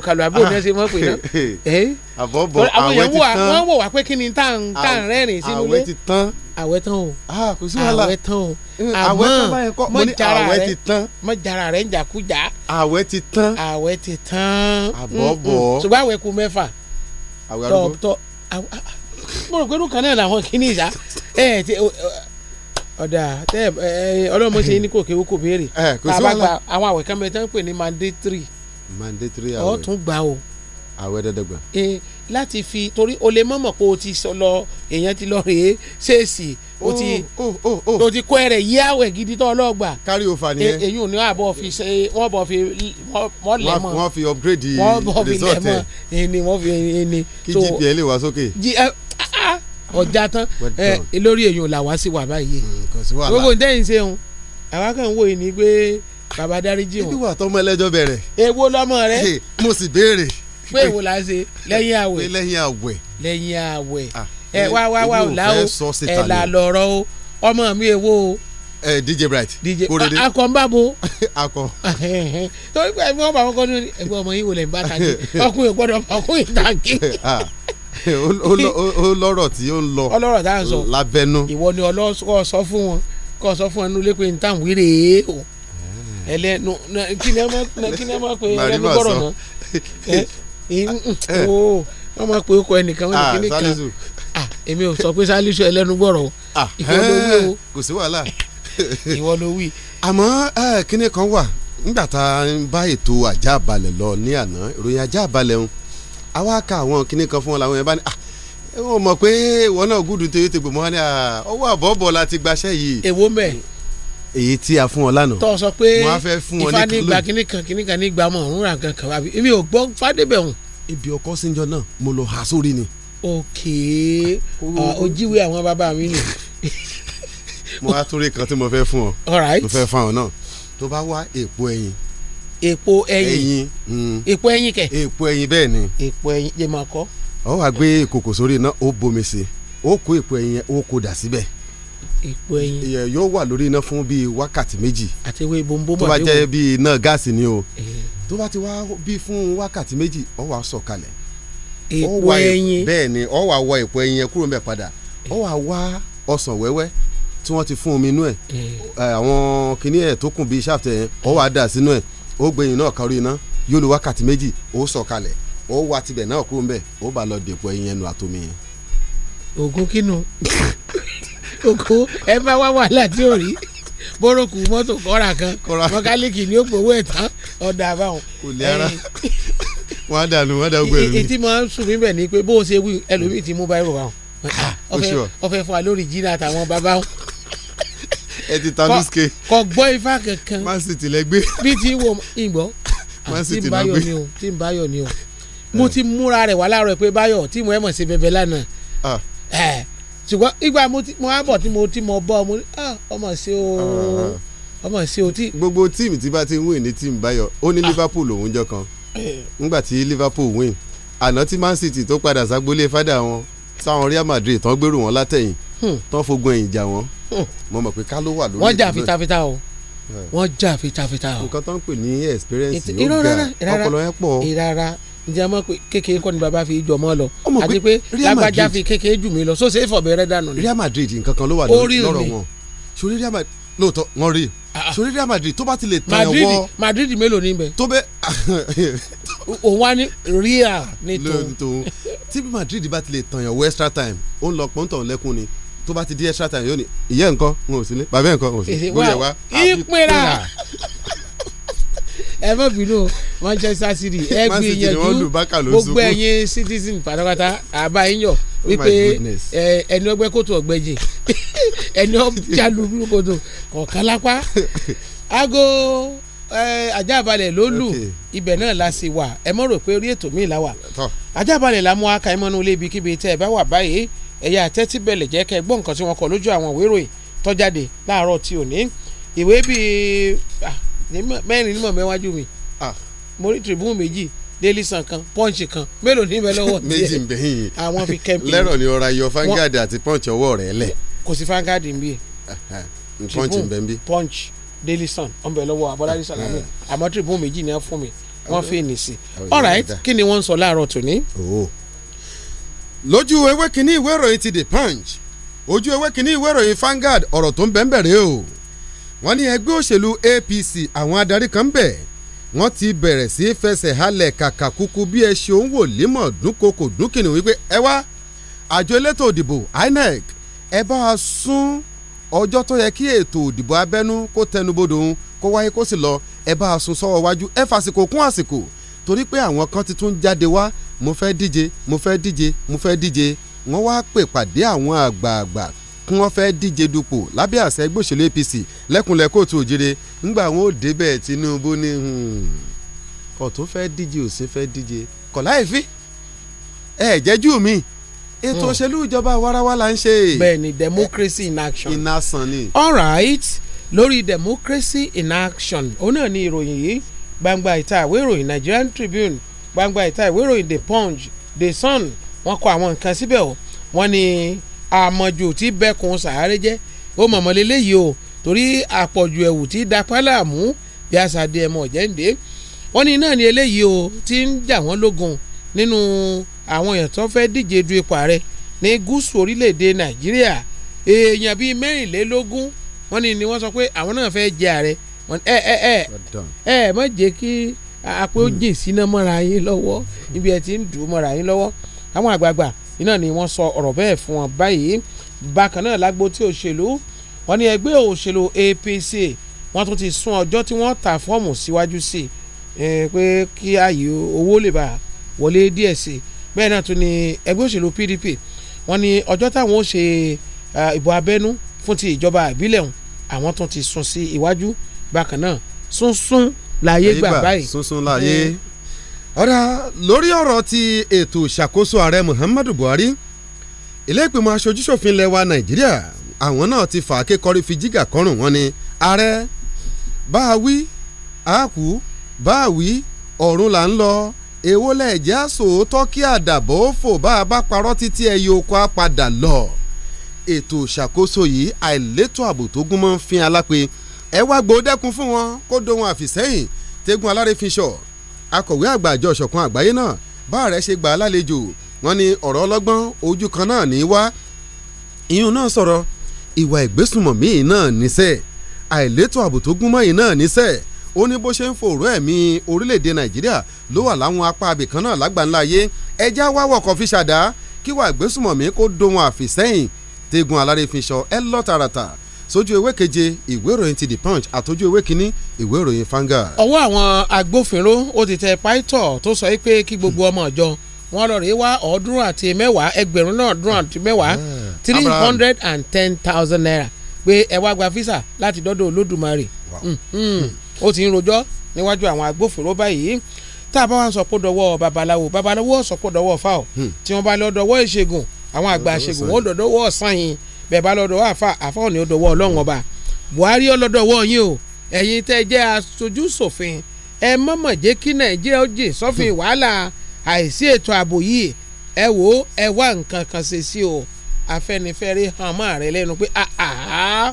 kàlùkàlù àbí òní ẹsẹ mọ pé náà. Eh? àbọ̀bọ̀ àwẹ̀ ti tán wọ́n wò wá pé kí ni tá à ń rẹ́rìn sínú ilé àwẹ̀ ti tán àwẹ̀ tán o ah, kò sí wàhálà àwẹ̀ tán o mm, àmọ́ mọ jara rẹ mọ jara rẹ njakuja àwẹ̀ ti tán àwẹ̀ ti tán àbọ̀bọ̀ ṣùgbọ́n àwẹ̀ kù mẹ́fà tọ̀ ah, ah. mo rò pé irú kan náà làwọn kì í ní ìyá ọ̀dà tẹ́ ẹ ọlọ́mọ ṣe ní kò kéwú kò béèrè eh, àwọn àwẹ̀ kan bẹ tán pè ní mandatory mandatory àwẹ̀ ọ̀ tún gbà o. àwẹ̀ dandan gbà. ee láti fi torí o lè mọ̀mọ̀ pé o ti sọ lọ èèyàn ti lọ rèé ṣèèṣì o ti oh, oh, oh, o ti kó ẹrẹ̀ yí àwẹ̀ gidi tó ọlọ́gbà. kárí o fà nìyẹn. èyí ò ní àbọ̀ fi ṣe wọ́n bọ̀ fi wọ́n lẹ̀ mọ́. wọ́n fi upgrade result ẹ̀. ẹni wọ́n fi ẹni. kí gpa lè wá sókè. Ah, ah, ọjà tán lórí èyí ò là wá sí wà báyìí. Mm, gbogbo ǹdẹ́yìn ṣe ń àwa kàn ń wòye ní baba dáríjì wọn. ìwà tọmọ ẹlẹ́jọ́ bẹ̀rẹ̀. èwo lọmọ rẹ. mo sì béèrè. pé èwo la ṣe lẹ́yìn àwẹ̀. lẹ́yìn àwẹ̀. lẹ́yìn àwẹ̀. Ah, ẹ wá wá wá ọ̀la o ẹ là lọ̀rọ̀ o ọmọ mi èwo o. ẹ eh, DJ Bright. DJ kórede akọ n bá akọ. torí pé ẹ̀mí wọn bá wọn kọ́ ní ẹgbẹ́ ọmọ yìí wò lẹ́yìn bá tàgé ọkùnrin gbọ́dọ̀ ọkùnrin tàgé ah, ó lọ́rọ̀ tí ó ń lọ ọlọ́rọ̀ tá à sọ lábẹ́nú ìwọ ni ọlọ́sọ sọ fún wọn kó sọ fún wọn nílé pé n táwọn wíìrè é o ẹlẹ nu kí ni a máa pe ẹlẹnu gbọrọ náà ẹ ẹ eh. o wọn máa pe okọ ẹnìkan wọn ní ah, kíní kan ah èmi ò sọ pé sálíṣù ẹlẹnu gbọrọ o ah, ìwọ ló wí o eh, kò sí wàhálà ìwọ ló wí. àmọ́ eh, kíní kan wà nígbà tá a bá ètò ajá balẹ̀ lọ ní àná ìròyìn ajá balẹ̀ ń àwa ka àwọn kíní kan fún wọn làwọn yẹn bá ní ah ẹ wọ́n mọ̀ pé ìwọ náà gúdù tó yẹ tẹ̀gbọ̀n mọ́ ni ah, ọwọ́ àbọ̀bọ̀ la gbaṣẹ́ yìí. èwo mẹ́ẹ̀ èyí tí a fún ọ lánàá. tọ́ sọ pé ifá ní gba ní gba mọ̀ ọ̀run ra nǹkan wá bí ibi ò gbọ́ fàdébẹ̀ ibi ọkọ síjọ náà mo lọ há sórí ni. okay ojíwe àwọn bàbá mi nì. mo wá torí kan tí mo fẹ́ fún ọ mo fẹ́ fún ọ náà tó bá wá èpo ẹyin. èpo ẹyin hmm. èpo ẹyin kẹ. èpo ẹyin bẹ́ẹ̀ ni. èpo ẹyin lè máa kọ́. ọ wá gbé ìkòkò sórí náà ó bomi sí i ó kó èpo ẹyin yẹn ó kó dà síbẹ̀ èpo ẹyin. ìyẹn yóò wà lórí iná fún bíi wákàtí méjì. àti ewé bombo màdéwò tó bá jẹ́ bíi iná gáàsì ni o. tó bá ti wá bí fún wákàtí méjì ó wá sọ̀kalẹ̀. èpo ẹyin bẹ́ẹ̀ ni ó wá wọ èpo ẹyin yẹn kúrò mẹ́ padà ó wá wá ọsàn wẹ́wẹ́ tí wọ́n ti fún omi inú ẹ̀ àwọn kinní ẹ̀ tó kùn bíi ṣáfẹ̀ yẹn ó wá dà sínú ẹ̀ ó gbẹ̀yìn náà kárí iná yóò lo wákàtí méjì ó sọ̀kalẹ̀ ó wá tibẹ̀ náà kúrò mẹ́ ó bá lọ dèpo ẹyin ẹnu àtomi yẹn. ògùn kínú. òkú ẹ bá wá wàhálà tí ò rí bórókù mọ́tò kọ́ra kan mọ́kálíkì ni ó gbowó ẹ̀ tán ọ̀dà àbáwọn. kò ní ara wọn á dànù wọn á dànù gbẹrù. ètí máa ń sùn mí bẹ̀ ni pé bó o ṣe wí ẹlòmíì ti mú báyìí wà wọn ọfẹ ah, ah, fún wa lórí jìnnà àtàwọn bàbá wọn. ẹ ti ta lùsùkè. kò gbọ́ ifá kankan. má sì tilẹ̀ gbé. bí ti wọ ìgbọ́. má ah, sì tilẹ̀ gbé. tí n báyọ̀ ni o mo ti múra rẹ̀ wá láàárọ̀ pé báyọ̀ tí mo ẹ̀ mọ̀ sí bẹ̀bẹ̀ lánàá eh, ṣùgbọ́n ìgbà mo ti mo á bọ̀ tí mo ti mọ bọ́ mo ah, ọmọ ṣe o ah, ah, ọmọ ṣe o tí. gbogbo tíìmù tí bá ti ń win ní tíìmù báyọ̀ ó ní Liverpool òun jọ kan ńgbà tí Liverpool win àná tí Man City tó padà ságbólé fádà wọn sáwọn Real Madrid tán gbèrò wọn látẹ̀yìn hmm. tán fogun ẹ̀yìn jà wọn hmm. mo mọ̀ pé ká ló wà lórí. wọ́n jà fitafita o eh. wọ́n jà fitafita o. nǹkan tó ń pè ní experience yóò ga ọpọlọ yẹn pọ̀. Eh, ǹjẹ́ mọ̀ pé kékeré kọ́ ni baba fi jọ mọ́ lọ àti pé lágbájá fi kékeré jù mí lọ so ṣe é fọ̀bẹ̀rẹ̀ dànù ni. Real Madrid nǹkan kan ló wà lọ́rọ̀ wọn sórí Real Madrid lóòótọ́ wọ́n rí ah, ah. sórí Real Madrid tó bá ti lè tàn yàn wọ́ Madrid mélòó ní bẹ. tó bẹ. òun wá ní Real ní tòun. tí Madrid bá ti lè tàn yàn wọ extra time ó ń lọ pọ́ńtàn lẹ́kùn ni tó bá ti di extra time yóò ní ìyẹ́ nǹkan n ò sí ní bàbá nǹkan n ò sí ní bóyá ẹ má bínú Manchester City ẹ gbìyànjú gbogbo ẹ̀yin citizen pátápátá àbá yín yọ oh wípé ẹni ọgbẹ́ kòtò ọ̀gbẹ́jì ẹni ọjàlú kòtò kọ̀ọ̀kan lápá aago ajábalẹ̀ ló lù ibẹ̀ náà la sì wà ẹ mọ̀ rò pé orí ètò míì la wà ajábalẹ̀ la mú aka ẹmọ́nú ilé ibikíbi tẹ́ ẹ bá wà báyìí ẹ̀yà àtẹ́tí bẹ̀lẹ̀ jẹ́ kẹ́ gbọ́ nǹkan tí wọ́n kọ lójú àwọn ìwé ìròyìn tó jáde láàárọ̀ tí ò ní ìwé bíi ah, mẹ́rin nímọ̀ mẹ́wájú mi mo rí tribune méjì daily sun kan punch kan mélòó ní ìbẹ̀ lọ́wọ́ tiẹ̀ méjì ń bẹ̀ yìí àwọn fi kẹ́mi lẹ́rọ̀ ni ọ̀rọ̀ ayọ̀ fangadi àti punch ọwọ́ rẹ̀ lẹ̀ kò sí fangadi ń bí punch ń bẹ̀ ń bí punch daily sun ọ̀n bẹ̀ lọ́wọ́ abọ́dájú sàlámù àmọ́ tribune méjì ni wọ́n fún mi wọ́n fi ènì sí all right kí ni wọ́n ń sọ láàárọ̀ tòní. lójú ewé kínní ìwé ìròyìn ti the punch ojú ewé kínní ìwé ìròyìn fangad ọ̀rọ̀ tó ń bẹ̀ ń bẹ̀rẹ̀ o wọ́n ní ẹgbẹ́ òṣèlú APC àwọn adarí kan bẹ̀ wọ́n ti bẹ̀rẹ̀ sí í fẹsẹ̀ halẹ̀ kàkà kúkú bí ẹ ṣe ń wò límọ̀ dúnkokò dúnkìnìún wípé ẹ wá àjọ elétò òdìbò INEC ẹ bá a sún ọjọ́ tó yẹ kí ètò òdìbò abẹ́nú kó tẹnubodò ń kó wáyé kó sì lọ ẹ bá a sún sọ́wọ́ wájú ẹ fàsìkò kún àsìkò torí pé àwọn kan ti tún jáde wá mo fẹ́ díje mo fẹ́ díje mo fẹ́ díje wọ́n wá pè pàdé àwọn àgbààgbà kí wọ́n fẹ́ díje dupò lábẹ́ àṣẹ ẹgbẹ́ òṣèlú APC lẹ́kùnlẹ̀ kóòtù òjire ńgbà wọn ò débẹ̀ Tinubu ni ọ̀tún hmm, fẹ́ díje òsín fẹ́ díje kọ̀lá ìfín ẹ̀ jẹ́jú mi ètò hmm. òṣèlú ìjọba warawa la ń ṣe. bẹ́ẹ̀ni democracy in action. in action ni. all right lórí democracy in action òun náà ni ìròyìn yìí gbangba ìta ìwé ìròyìn Nigerian Tribune gbangba ìta ìwé ìròyìn The Punch The Sun wọ́n kọ àwọn nǹkan síbẹ̀ o wọ́n ní àmọ̀jù tí bẹ́kun sàárẹ̀ jẹ́ ó mọ̀mọ́ lélẹ́yìí o torí àpọ̀jù ẹ̀wù tí dapálà mú bí àṣàdé ẹ̀mọ́ jẹ́ǹde wọ́n ní náà ní eléyìí o ti ń jà wọ́n lógun nínú àwọn èèyàn tó fẹ́ díje du ipò ààrẹ ní gúúsù orílẹ̀-èdè nàìjíríà èèyàn bíi mẹ́rìnlélógún wọ́n ní ni wọ́n sọ pé àwọn náà fẹ́ jẹ ààrẹ ẹ ẹ ẹ ẹ má jẹ́ kí apẹ́ ó hmm. jìn síná mọ́ra yín lọ́wọ́ ibi ẹ̀ ti ń dùn mọ́ra yín lọ́wọ́ àwọn àgbààgbà iná ni wọ́n sọ ọ̀rọ̀ bẹ́ẹ̀ fún wọn báyìí bákan náà lágbo tí òṣèlú wọn ní ẹgbẹ́ òṣèlú APC wọ́n tún ti sún ọjọ́ tí wọ́n ta fọ́ọ̀mù síwájú sí pé kí ààyè owó lè bá wọlé díẹ̀ sí bẹ́ẹ̀ náà tún ni ẹgbẹ́ òṣèlú PDP wọ́n ní ọjọ́ táwọn ó ṣe ìbò abẹ́nú fún ti ìjọba ìbílẹ̀ ọ̀hún àwọn tún ti sún sí iwájú bákan náà sún sún láàyè gbà báyìí sún sún láàyè ọ̀rá lórí ọ̀rọ̀ ti ètò ìṣàkóso ààrẹ Muhammadu Buhari ilé ìgbìmọ̀ aṣojúṣòfin ilẹ̀ wa Nàìjíríà àwọn náà ti fà á ké kọrí fi jígà kọrùn wọn ni ààrẹ bá a wí a kú bá a wí ọ̀run là ń lọ èwo lẹ́ẹ̀jẹ́ àsòótọ́ kí àdàbọ̀ ó fò bá a bá parọ́ títí ẹyẹ oko á padà lọ ètò ìṣàkóso yìí àìletò ààbò tó gún mọ́ fi alápè ẹ wá gbòó dẹ́kun fún wọn kó dohun àfìsẹ́yìn tẹ́gun alárẹ́fiṣọ́ akọ̀wé àgbà àjọ ìṣọ̀kan àgbáyé náà bá ààrẹ ṣe gbà á lálejò wọ́n ní ọ̀rọ̀ ọlọ́gbọ́n ojú kan náà ní wá ìyún náà sọ̀rọ̀ ìwà ìgbésùmọ̀mí náà níṣẹ́ àìlétò ààbò tó gúnmọ́ yìí náà níṣẹ́ ó ní bó ṣe ń fòrò ẹ̀mí orílẹ̀-èdè nàìjíríà ló wà láwọn apá abìkan náà lágbàńlá ayé ẹja wáwọ̀ kan fi ṣàdá kíwà ìgbésùmọ̀mí kó dohun àfìsẹ́yìn tegun alárèfinṣọ ẹ lọ tààràtà sójú ewé keje ìwé ìròyìn ti The Punch àtòjú ewé kínní ìwé ìròyìn Vanguard. ọwọ́ àwọn agbófinró ó ti tẹ pító tó sọ pé kí gbogbo ọmọ ìjọ wọn lọ rèé wá ọ̀ọ́dúnrún àti mẹ́wàá ẹgbẹ̀rún náà ọ̀ọ́dúnrún àti mẹ́wàá ah, three hundred and ten thousand naira pé ẹ wá gba físà láti dọ́dọ̀ Olódùmarè hmm, hmm. ó ti ń rojọ́ níwájú àwọn agbófinró báyìí tá a bá wà ń sọ pé dọ́wọ́ babaláwo babaláwo sọ pé dọ́wọ́ fáwọ hmm. tí wọ́n bá lọ dọ́wọ́ ìṣègùn àwọn àgbà àṣègùn wọ́n dọ́dọ́wọ́ ọ̀sán yìí bẹ́ẹ̀ bá lọ́dọ̀ wà fà àfọ̀ ní ọdọ̀ wọ ọlọ́run ọba buhari ọlọ́dọ̀ wọ yín o ẹ̀yin tẹ́ jẹ́ aṣojú ṣòfin ẹ mọ̀mọ̀ jẹ́ kí nàìjíríà ó jìn sọ́fin wàhálà àìsí ètò ààbò yìí ẹ wò ó ẹ wá nǹkan kan ṣe sí o afẹ́nifẹ́re hàn mọ́ ààrẹ lẹ́nu pé ah, ah, ah,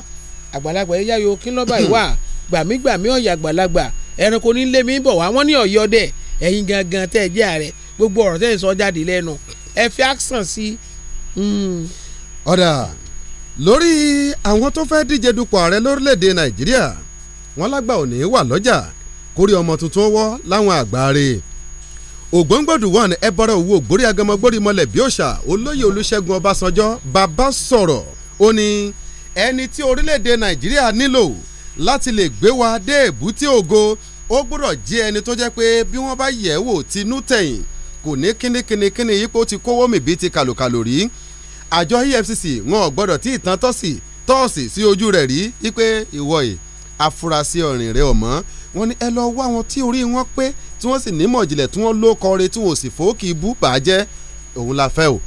àgbàlagbà ẹ̀yà yòó kí lọ́ba ìwà gbàmígbàmí ọ̀yà àgbàlagbà ẹranko ní lémi bọ̀ wá wọ́n ní ọ̀yọ́ dẹ̀ ẹ̀yin gangan tẹ́ ẹ jẹ́ ààrẹ gbogbo ọ̀rọ̀ tẹ́ ẹ sọ jáde lẹ́nu ẹ fi àṣàn sí. ọ̀dà hmm lórí àwọn tó fẹ́ díje dupò ààrẹ lórílẹ̀‐èdè nàìjíríà wọ́n lágbà òní wà lọ́jà kórí ọmọ tuntun wọ́ láwọn àgbáre ògbóngbòdù wọn ẹ bọ́ra owó ògbórí agamagbórí mọ́lẹ̀ bí òòṣà olóyè olúṣẹ́gun ọbásanjọ́ bàbá sọ̀rọ̀ ó ní ẹni tí orílẹ̀‐èdè nàìjíríà nílò láti lè gbé wa dé èbúté ògo ó gbọ́dọ̀ jẹ́ ẹni tó jẹ́ pé bí wọ́n bá yẹ̀ wò tinú tẹ̀yìn kò ní kínníkínníkínní yípo ti kówó mìbí ti kàlòkàlò rí àjọ EFCC wọn ò gbọ́dọ̀ tí ìtàn tọ́sì tọ́ọ̀sì sí ojú rẹ̀ rí wípé ìwọ yìí afurasí ọ̀rìn rẹ̀ ọ̀mọ́ wọn ni ẹ lọ wá wọn tí orí wọn pé tí wọ́n sì nímọ̀ ìjìnlẹ̀ tí wọ́n ló kọre tí wọ́n sì fòókì ibú bàjẹ́ òun la fẹ́ o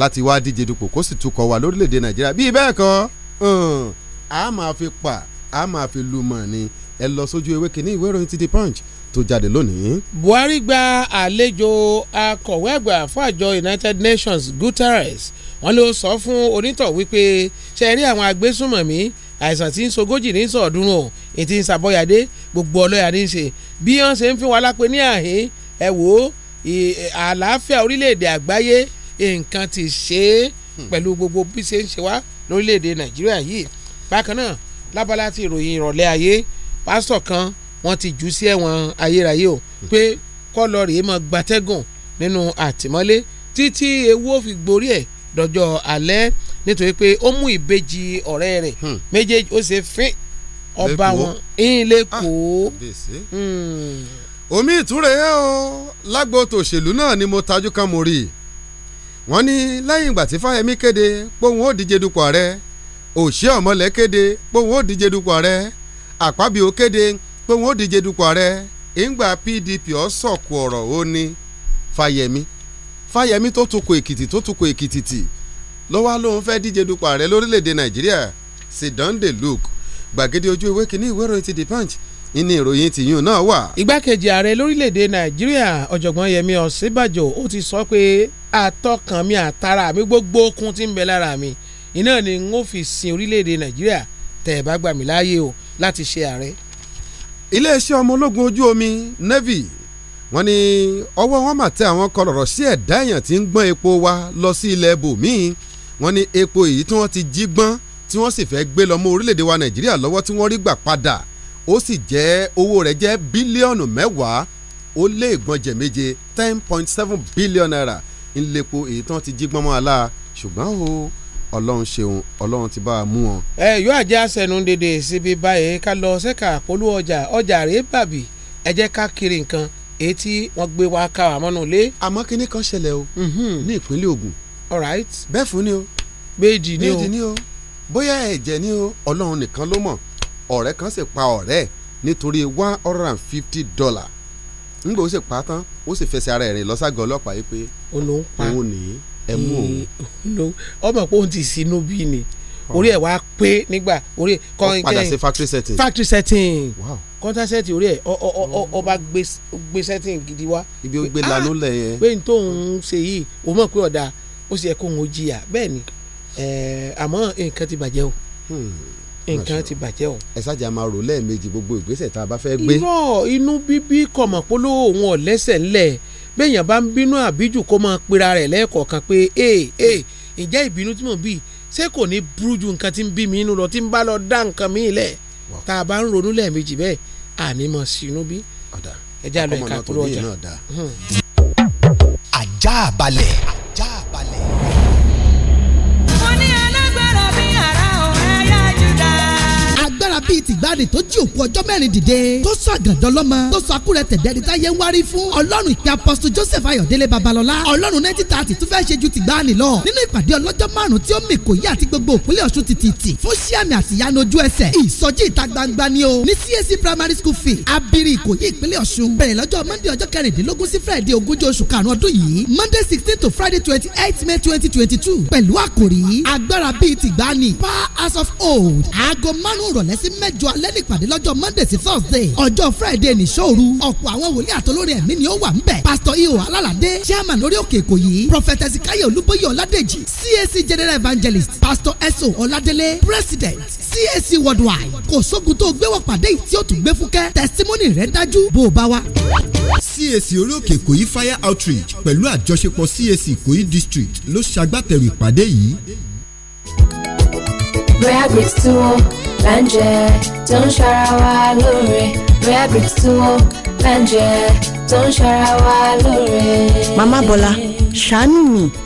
láti wá díje dupò kó sì tukọ̀ wá lórílẹ̀‐èdè Nàìjíríà bíi bẹ́ẹ̀ kan a fi pa a fi lu mọ̀ ni ẹ lọ sójú ewé kínní ìwé ìròyìn ti The Punch tó jáde lónìí. Buhari gba àlejò akọ̀wé àgbà fún àjọ United Nations Guterres wọ́n ló sọ fún onítọ̀ wípé ṣe rí àwọn agbésùnmọ̀mí àìsàn tí ń sogójì ní sọ̀ọ́dúnrún o ètí ń sàbọ̀yàdé gbogbo ọlọ́yà ní í ṣe bí wọ́n ṣe ń fi wọn lápẹ́ ní àhín ẹ wò ó àlàáfíà orílẹ̀-èdè àgbáyé nǹkan ti ṣe é pẹ̀lú gbogbo bí ṣe ń ṣe wá lórílẹ̀-èdè Nàìjíríà yìí bákan náà lábala ti ìròyìn ìrọ̀lẹ́ ayé pásítọ̀ kan wọ́n ti jù sí ẹ̀wọ̀n ayérayé o pé kọ́lọ́ rèé mọ́ gbatẹ́gùn nínú àtìmọ́lé títí ewu ó fi gborí ẹ̀ dọjọ́ alẹ́ nítorí pé ó mú ìbejì ọ̀rẹ́ rẹ̀ hmm. méjèèjì ó ṣe fín ọba wọn ilé kó. Ah, hmm. omi ìtúre o lágbo tòṣèlú náà ni mo tajú kan mo rí i wọ́n ní lẹ́yìn ìgbà tí fáyemí kéde póun ó díje dupò ààrẹ òṣì ọ̀mọ̀lẹ́ kéde póun ó díje dupò ààrẹ àpábíò kéde pé wọn ò díje dupò ààrẹ ìgbà PDP ọ̀sọ̀kù ọ̀rọ̀ ó ní Fáyẹ̀mí Fáyẹ̀mí tó tukọ̀ Èkìtì tó tukọ̀ Èkìtì tì lọ́wọ́ lòun fẹ́ díje dupò ààrẹ lórílẹ̀‐èdè Nàìjíríà sidonde luke gbàgede ojú ìwé kìíní ìwé ìròyìn ti The Punch ní ìròyìn tìyún náà wà. igbákejì ààrẹ lórílẹ̀‐èdè nàìjíríà ọ̀jọ̀gbọ́n yẹmi ọ̀sínbàjò ó ti sọ pé àtọkàn mi àtara mi gbogbo okun tí ń bẹ lára mi iná ni n ó fi sin orílẹ̀‐èdè nàìjíríà tẹ̀ ẹ̀ bá gbà mí láàyè o láti ṣe ààrẹ. iléeṣẹ́ ọmọ ológun ojú omi navy wọ́n ní ọwọ́ wọn mà tẹ àwọn kọlọ̀rọ̀ sí ẹ̀dá èèyàn tí ń gbọ́n epo wa lọ sí ilẹ̀ ibòmíì wọ́n ní epo èyí tí wọ́n ti jí gbọ́n tí wọ́n sì fẹ́ gbé lọ mọ́ orílẹ̀-èdè wa nàìjíríà lọ́wọ́ tí wọ́n rí gbà padà ó sì jẹ́ owó rẹ̀ jẹ́ bílíọ̀nù mẹ́wàá ó lé ìgbọ̀njẹ̀ méje ten point seven billion naira ńlẹ́po èyí tí wọ́n ti jí gbọ́n mọ́ àlá ṣùgbọ́n o ọlọ́run ṣeun ọlọ́run ti bá a mú wọn. ẹ yóò àjẹ́ àṣẹnu dèdè síbi báyìí ká lọ sẹ́ka polú ọjà ọjà rèé bàbí ẹ ká kiri nǹkan èyí tí wọ́n gbé wá ká wà mọ́nú ilé. àmọ́ kinní kan ṣẹlẹ̀ o mhm. ní ìpínlẹ̀ Ògùn. all right. bẹ́ẹ̀ fún ni o. méjì ni o bóyá ẹ̀jẹ̀ ni o ọlọ́run nìkan ló mọ̀ ọ̀rẹ́ kan sì pa ọ̀rẹ́ nítorí one hundred and fifty dollar ńgbà ó sì pa tán ó sì fẹsẹ̀ ara ẹ̀rìn lọ ọlọ́pàá yìí pé òun ní ẹ o. ọmọ pé òun ti sinú bí ni orí ẹ̀ wá pé nígbà orí ẹ̀ kọ́ padà sí factory setting factory setting counter setting orí ẹ̀ ọba gbé setting gidi wá. ibi gbé lanú ah, lẹ̀ yẹn. pé n tó ń ṣe yìí o mọ̀ pé ọ̀dà ó sì yẹ kó òun jìyà bẹ́ẹ̀ ni àmọ́ nǹkan ti bàjẹ́ o hmm. nǹkan ti bàjẹ́ o. ẹ ṣáàjà máa rò lẹ́ẹ̀mejì gbogbo ìgbésẹ̀ tá a bá fẹ́ gbé. irọ́ inú bíbí kọ̀mọ̀pólówó òun ọ̀lẹ́sẹ̀ ńlẹ̀ béèyàn bá ń bínú àbíjù kó máa pera rẹ̀ lẹ́ẹ̀kọ̀ọ̀kan pé ee ee ǹjẹ́ ìbínú tí mò ń bì ṣé kò ní burú ju nǹkan tí ń bí mi inú lọ tí ń bá lọ dá nǹkan mi lẹ̀ tá a bá ń ronú lẹ́ẹ̀mejì bẹ́ẹ̀ àní sínú bí ẹjẹ́ àlọ́ ìka kúrò ọjà. Hmm. ajá balẹ̀. agbára bíi tìgbàdì tó jí òkú ọjọ́ mẹ́rin dìde tó sọ àgàdọ́ lọ́mọ tó sọ akúrẹ́ tẹ̀dẹ́rì táyé ń wárí fún ọlọ́run ìpè apọ́sítù joseph ayọ̀délé babalọ́lá ọlọ́run náà ti ta àti tún fẹ́ ṣe ju tìgbàanì lọ nínú ìpàdé ọlọ́jọ́ márùn-ún tí ó mì kò yí àti gbogbo òpínlẹ̀ ọ̀ṣun tìtìtì fún síàmì àti ìyanu ojú ẹsẹ̀ ìsọjí ìta gbangba ni o ní CAC primary school fee abiri ìkòyí ìpínlẹ̀ ọ̀ṣun bẹ̀rẹ̀ lọ́jọ́ monday ọjọ́ kẹrìndínlógún sí friday ogúnjọ́ oṣù karùn-ún ọdún yìí monday sixteen to friday twenty eight may twenty twenty two pẹ̀lú àkòrí agbára bíi tìgbàanì power house of old aago márùn-ún ìrọ̀lẹ́ sí mẹ́jọ alẹ́ nípàdé lọ́jọ́ monday sí thursday ọjọ́ friday nìṣòru ọ̀pọ̀ àwọn wòlíì àtolórí ẹ̀mí ni ó wà ńbẹ̀ pastor iho alálàdé chairman lórí òkè èkó yìí prophetess káyọ̀ olúbóyè ọ̀ládèjì cac general evangelist pastor eso ọ̀ládélé president cac worldwide kò sógun tó gbéwọ̀ pàdé yìí tí ó tún gbé fúkẹ́ testimony rẹ̀ dájú bó o bá wa. cac orí òkè èkó yìí fire outreach pẹ̀lú àjọṣepọ̀ cac ìkòyí district ló ṣagbátẹrù ìpàdé yìí. Rare grapes too là ń jẹ tó ń ṣara wa bricks tí wọ́n là ń jẹ tó ń ṣara wa lóore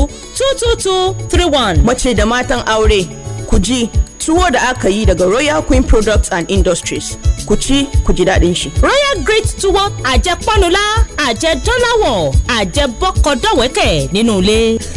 222 Mace da matan aure, ku ji tuwo da aka yi daga Royal Queen Products and Industries. Ku ci, ku ji daɗin shi. Royal Great Tuwo àjẹ Pọ́nulá, àjẹ Dọ́láwọ̀, àjẹ Bọ́kọ̀dọ̀wẹ́kẹ̀ nínú ilé.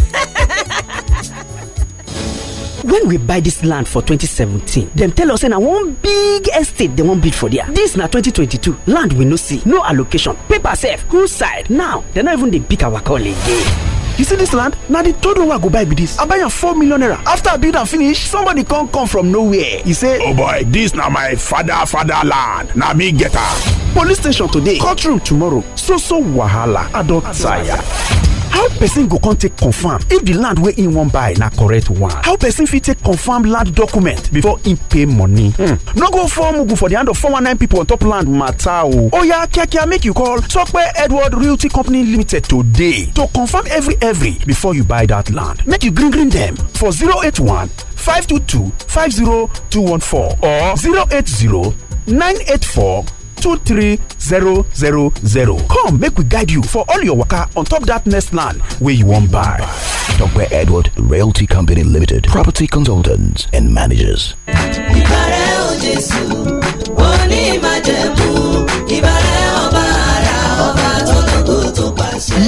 when we buy this land for 2017 them tell us in a one big estate dem wan build for there This na 2022 land we no see no allocation paper safe who side now dem not even the pick our call again you see this land na di third one i go buy be this. i buy a four million naira after i build and finish somebody can't come from nowhere He say oh boy this now my father father land Now me get her. police station today courtroom tomorrow so so wahala i don tire how person go come take confirm if the land wey im wan buy na correct one how person fit take confirm land document before im pay money hmm. no go fall mugu for the hand of 419 people on top land matter o oya kíákíá make you call sọpẹ́ edward realty company limited today to confirm every every before you buy that land make you green green dem for 081 522 50214 or 080 984 23000. Come make we guide you for all your waka on top that next land where you won't buy. Dr. Edward Realty Company Limited, property consultants and managers. ìbára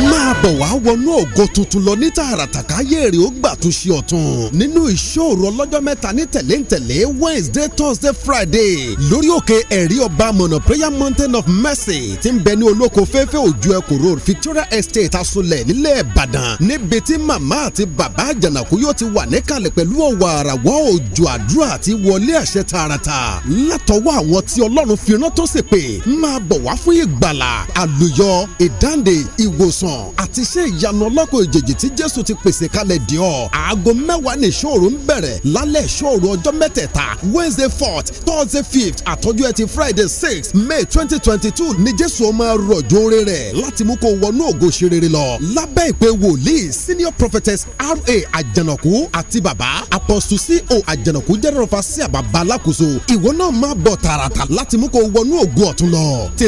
máa bọ̀ wá wọnú ògo tuntun lọ ní tààràtà káyé èrè ó gbà tún ṣe ọ̀tun nínú ìṣòro ọlọ́jọ́ mẹ́ta ní tẹ̀léńtẹ̀lé Wednesday Thursday Friday lórí òkè ẹ̀rí ọba mọ̀nà prayer mountain of mercy ti ń bẹ ní olóko fẹ́fẹ́ òjò ẹ̀kọ́ road Victoria Estate asunlẹ̀ nílẹ̀ Ìbàdàn níbi tí màmá àti bàbá àjànàkú yóò ti wà níkàlẹ̀ pẹ̀lú ọ̀wà àràwọ̀ òjò àdúrà àti wọlé àṣẹ tààràtà látọwọ́ àwọn tí Ọlọ́run fi rán tó ṣèpè máa bọ̀ wá fún ìgbàlà àlùyọ ìdáǹdè ìw ìwòsàn àti iṣẹ́ ìyanu ọlọ́kọ̀ ìjèjì tí jésù ti pèsè kalẹ̀ dì ọ́ aago mẹ́wàá ní ìṣòro ń bẹ̀rẹ̀ lálẹ́ ìṣòro ọjọ́ mẹ́tẹ̀ẹ̀ta wednesday fourth thursday fifth àtọ́jú ẹtì friday sixth, may twenty twenty two ni jésù ọmọ rọ̀jò orin rẹ̀ láti mú kó wọnú ògo ṣe rere lọ lábẹ́ ìpè wòlíì senior prophetess ra àjànàkú àti bàbá apostle o àjànàkú jẹ́rọ̀fà sí àbàbà alákòóso ìwọ náà máa bọ̀ tààràtà láti mú kó wọnú ògo ọ̀tún o tí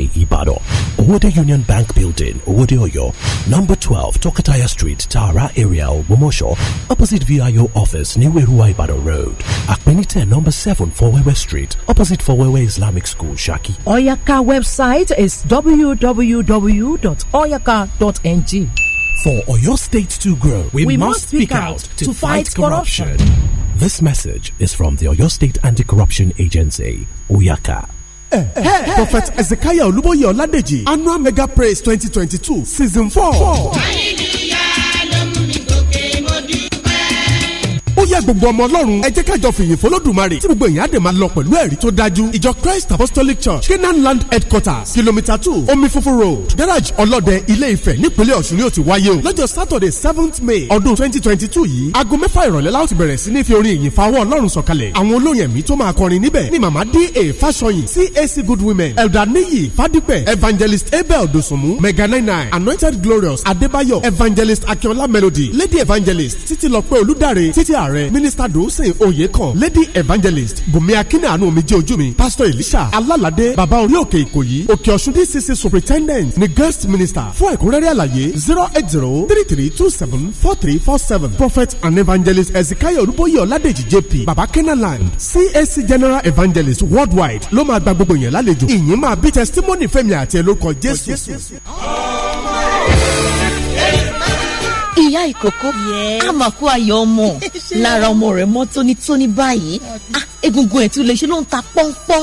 J, Ibadan. Owode Union Bank Building, Owode Oyo. Number 12, Tokataya Street, Tara area, Ogumosho. Opposite VIO office, New Erua Ibadan Road. Akpenite, number 7, Fowewe Street. Opposite Fowewe Islamic School, Shaki. Oyaka website is www.oyaka.ng. For Oyo State to grow, we, we must speak out to, to fight, fight corruption. corruption. This message is from the Oyo State Anti Corruption Agency, Oyaka. eh, eh, prophet ezekiah olúbóyè ọládèjì annual mega praise twenty twenty two season four. gbogbo ọmọ ọlọ́run ẹ jẹ́ kájọ fìyìn fọlọ́dùmarè tí gbogbo èèyàn á dè máa lọ pẹ̀lú ẹ̀rí tó dájú ìjọ christ apostolic church canaan land headquarters kilomita two omi funfun road garage ọlọ́dẹ ilé ifẹ̀ nípínlẹ̀ ọ̀ṣun ni ó ti wáyé o lọ́jọ́ saturday seventh may ọdún twenty twenty two yìí aago mẹ́fà ìrọ̀lẹ́ láti bẹ̀rẹ̀ sí ní fi orin ìyìn fáwọ́ ọlọ́run sọ̀kalẹ̀ àwọn olóyè mi cac good women elder níyì evangelist abel dosunmu mega nine anointed glorious adébáyọ̀ evangelist akínọlá melody lady evangelist títí lọ pé olùdarí títí minister Dosin oyekan lady evangelist bùnmi akínàánú omijé ojú mi pastor elisha alálàdé bàbá orí òkè ìkòyí òkè ọ̀ṣun dcc superintendent ni guest minister fún ẹ̀kúnrẹ́rẹ́ àlàyé zero eight zero three three two seven four three four seven prophet and evangelist ezekiel olúbóyè ọ̀ládèjì jp baba kenaland cac general evangelist worldwide ló máa gba gbogbo yẹn lálejò ìyìn máa bí testimony fẹ́mi àti ẹ̀ jésù. ọmọ oh, ìyá ìkókó á máa kó ayọ̀ ọmọ lára ọmọ rẹ̀ mọ́ tónítóní báyìí ah, egungun ẹ̀ tún lè ṣe ló ń ta pọ́npọ́n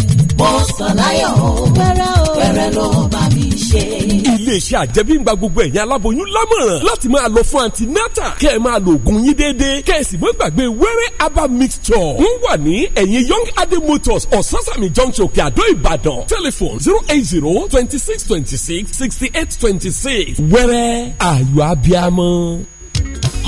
Bọ́sàláyọ̀ pẹ̀rẹ̀ o pẹ̀rẹ̀ ló bá mi ṣe. Iléeṣẹ́ àjẹmíngba gbogbo ẹ̀yin aláboyún lámọ̀ràn láti máa lọ fún antinata kẹ́ ẹ máa lo oògùn yín déédéé kẹ́ ẹ sì mọ́ gbàgbé wẹ́rẹ́ herbal mixture. Wọ́n wà ní ẹ̀yìn Young Adé Motors Ososami Junction Òkè Àdó Ìbàdàn. Telephone zero eight zero twenty six twenty six sixty eight twenty six. Wẹ́rẹ́ ayọ̀ abiamọ.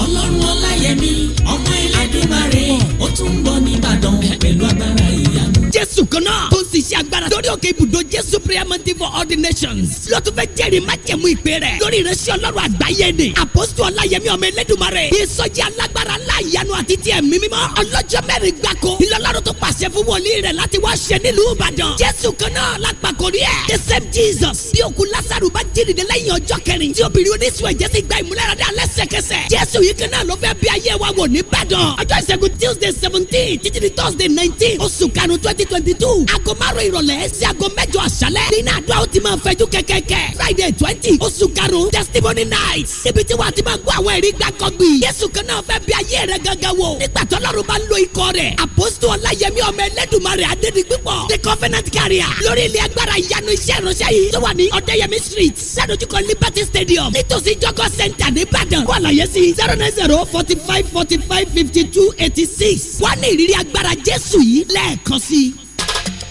Ọlọ́run Ọláyẹmí ọmọ Ẹlẹ́dùmarè ó tún ń bọ̀ ní Ìbàdàn pẹ̀lú agbára ìyá jésù kan náà tó ń ṣiṣẹ́ agbára lórí òkè ibùdó jésù prayer mountain for all the nations ló tún fẹ́ jẹ́rìí májẹ̀mú ìpè rẹ̀ lórí ìránṣẹ́ ọlọ́run àgbáyé ni àpọ́sù ọláyẹmí ọmọ ẹlẹ́dùnmarè ìsọjí alágbára láàyànú àti tiẹ̀ mímímọ́ ọlọ́jọ́ mẹ́rin gbáko ìlọlọ́run tó pàṣẹ fún wòlíì rẹ̀ láti wá ṣe nílùú ìbàdàn jésù kan náà lápàkórí the same jesus bí òkú lásàrù bá jíǹde lẹ́yìn ọjọ́ kẹrin tí obìnrin oníṣu ẹ̀jẹ̀ sì gba ìmúlẹ̀rọ̀dá lẹ́sẹ̀kẹsẹ̀ jésù yìí kan náà ló fẹ́ bí ayé wa wò ní ìbàdàn seventeen títí di thursday nineteen oṣù karùn twenty twenty twenty two aago márùn ìrọ̀lẹ́ sí aago mẹ́jọ àṣálẹ́ nínú àdúrà ó ti máa fẹjú kẹ̀kẹ́kẹ́ friday twenty oṣù karùn-ún testimony night ibi tí wàá ti máa gbọ́ àwọn ẹ̀rí gbàkọ́gbì yéṣù kan náà fẹ́ bí ayé rẹ̀ gangan wò nígbà tó lọ́rùn bá ń lo ikọ̀ rẹ̀ àpòsù ọláyẹmí ọmọ ẹlẹ́dùnmarè adédìgbìpọ̀ the covenant carrier lórí ilé agbára ìyanu iṣẹ́ ìránṣẹ́ yìí tó wà ní ọ̀dẹ́yẹmí street sádójúkọ liberty stadium nítòsí jọgọ center nìbàdàn kó àlàyé sí zero nine zero forty five forty five fifty two eighty six wọ́n ní ìrírí agbára jésù yìí lẹ́ẹ̀kan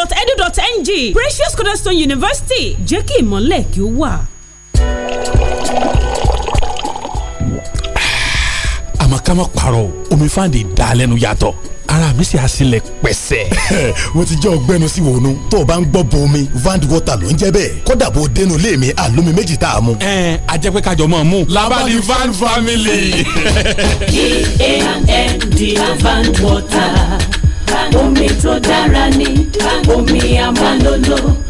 www.edu.ng Precious Cornerstone University jẹ́ kí ìmọ̀lẹ̀ kí ó wà. àmọ́ ká má parọ́ omi fáǹdì ìdálẹ́nu yàtọ̀ ara mi sì á sílẹ̀ pẹ̀sẹ̀. mo ti jẹ́ ọgbẹ́nu sí wònú tó o bá ń gbọ́ bo vand water ló ń jẹ́ bẹ́ẹ̀ kódà bó o dénú lé mi àlómi méjì tá a mú. ẹ a jẹ́ pé kájọ mọ̀ ọ́n mú. labadi van family. E a n d van water omi tó dára ni omi amalolo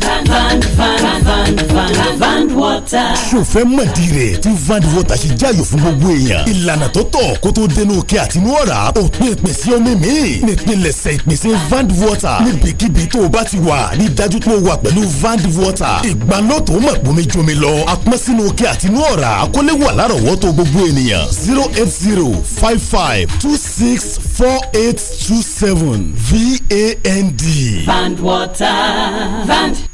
sọfẹ́ mọ̀dí rẹ̀ tí van water ṣe jáyọ̀ fún gbogbo èèyàn ìlànà tó tọ́ kó tó dẹnu òkè àtinú ọ̀rá òpin ìpèsè omi míì nípìnlẹ̀sẹ̀ ìpèsè van water níbikíbi tó o bá ti wà ní dájú tó o wà pẹ̀lú van water mọ̀ gbomi jomi lọ apọ́n sínú àtinú ọ̀rá akọ́lé wà lárọ̀wọ́tò gbogbo ènìyàn zero eight zero five five two six four eight two seven v a n d. van water. Vand.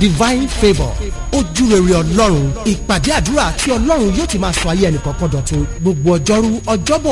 divine favour ojúrere ọlọ́run ìpàdé àdúrà tí ọlọ́run yóò ti máa sọ ayé ẹnìkọ̀ọ̀kan dọ̀tun gbogbo ọjọ́rú ọjọ́bọ̀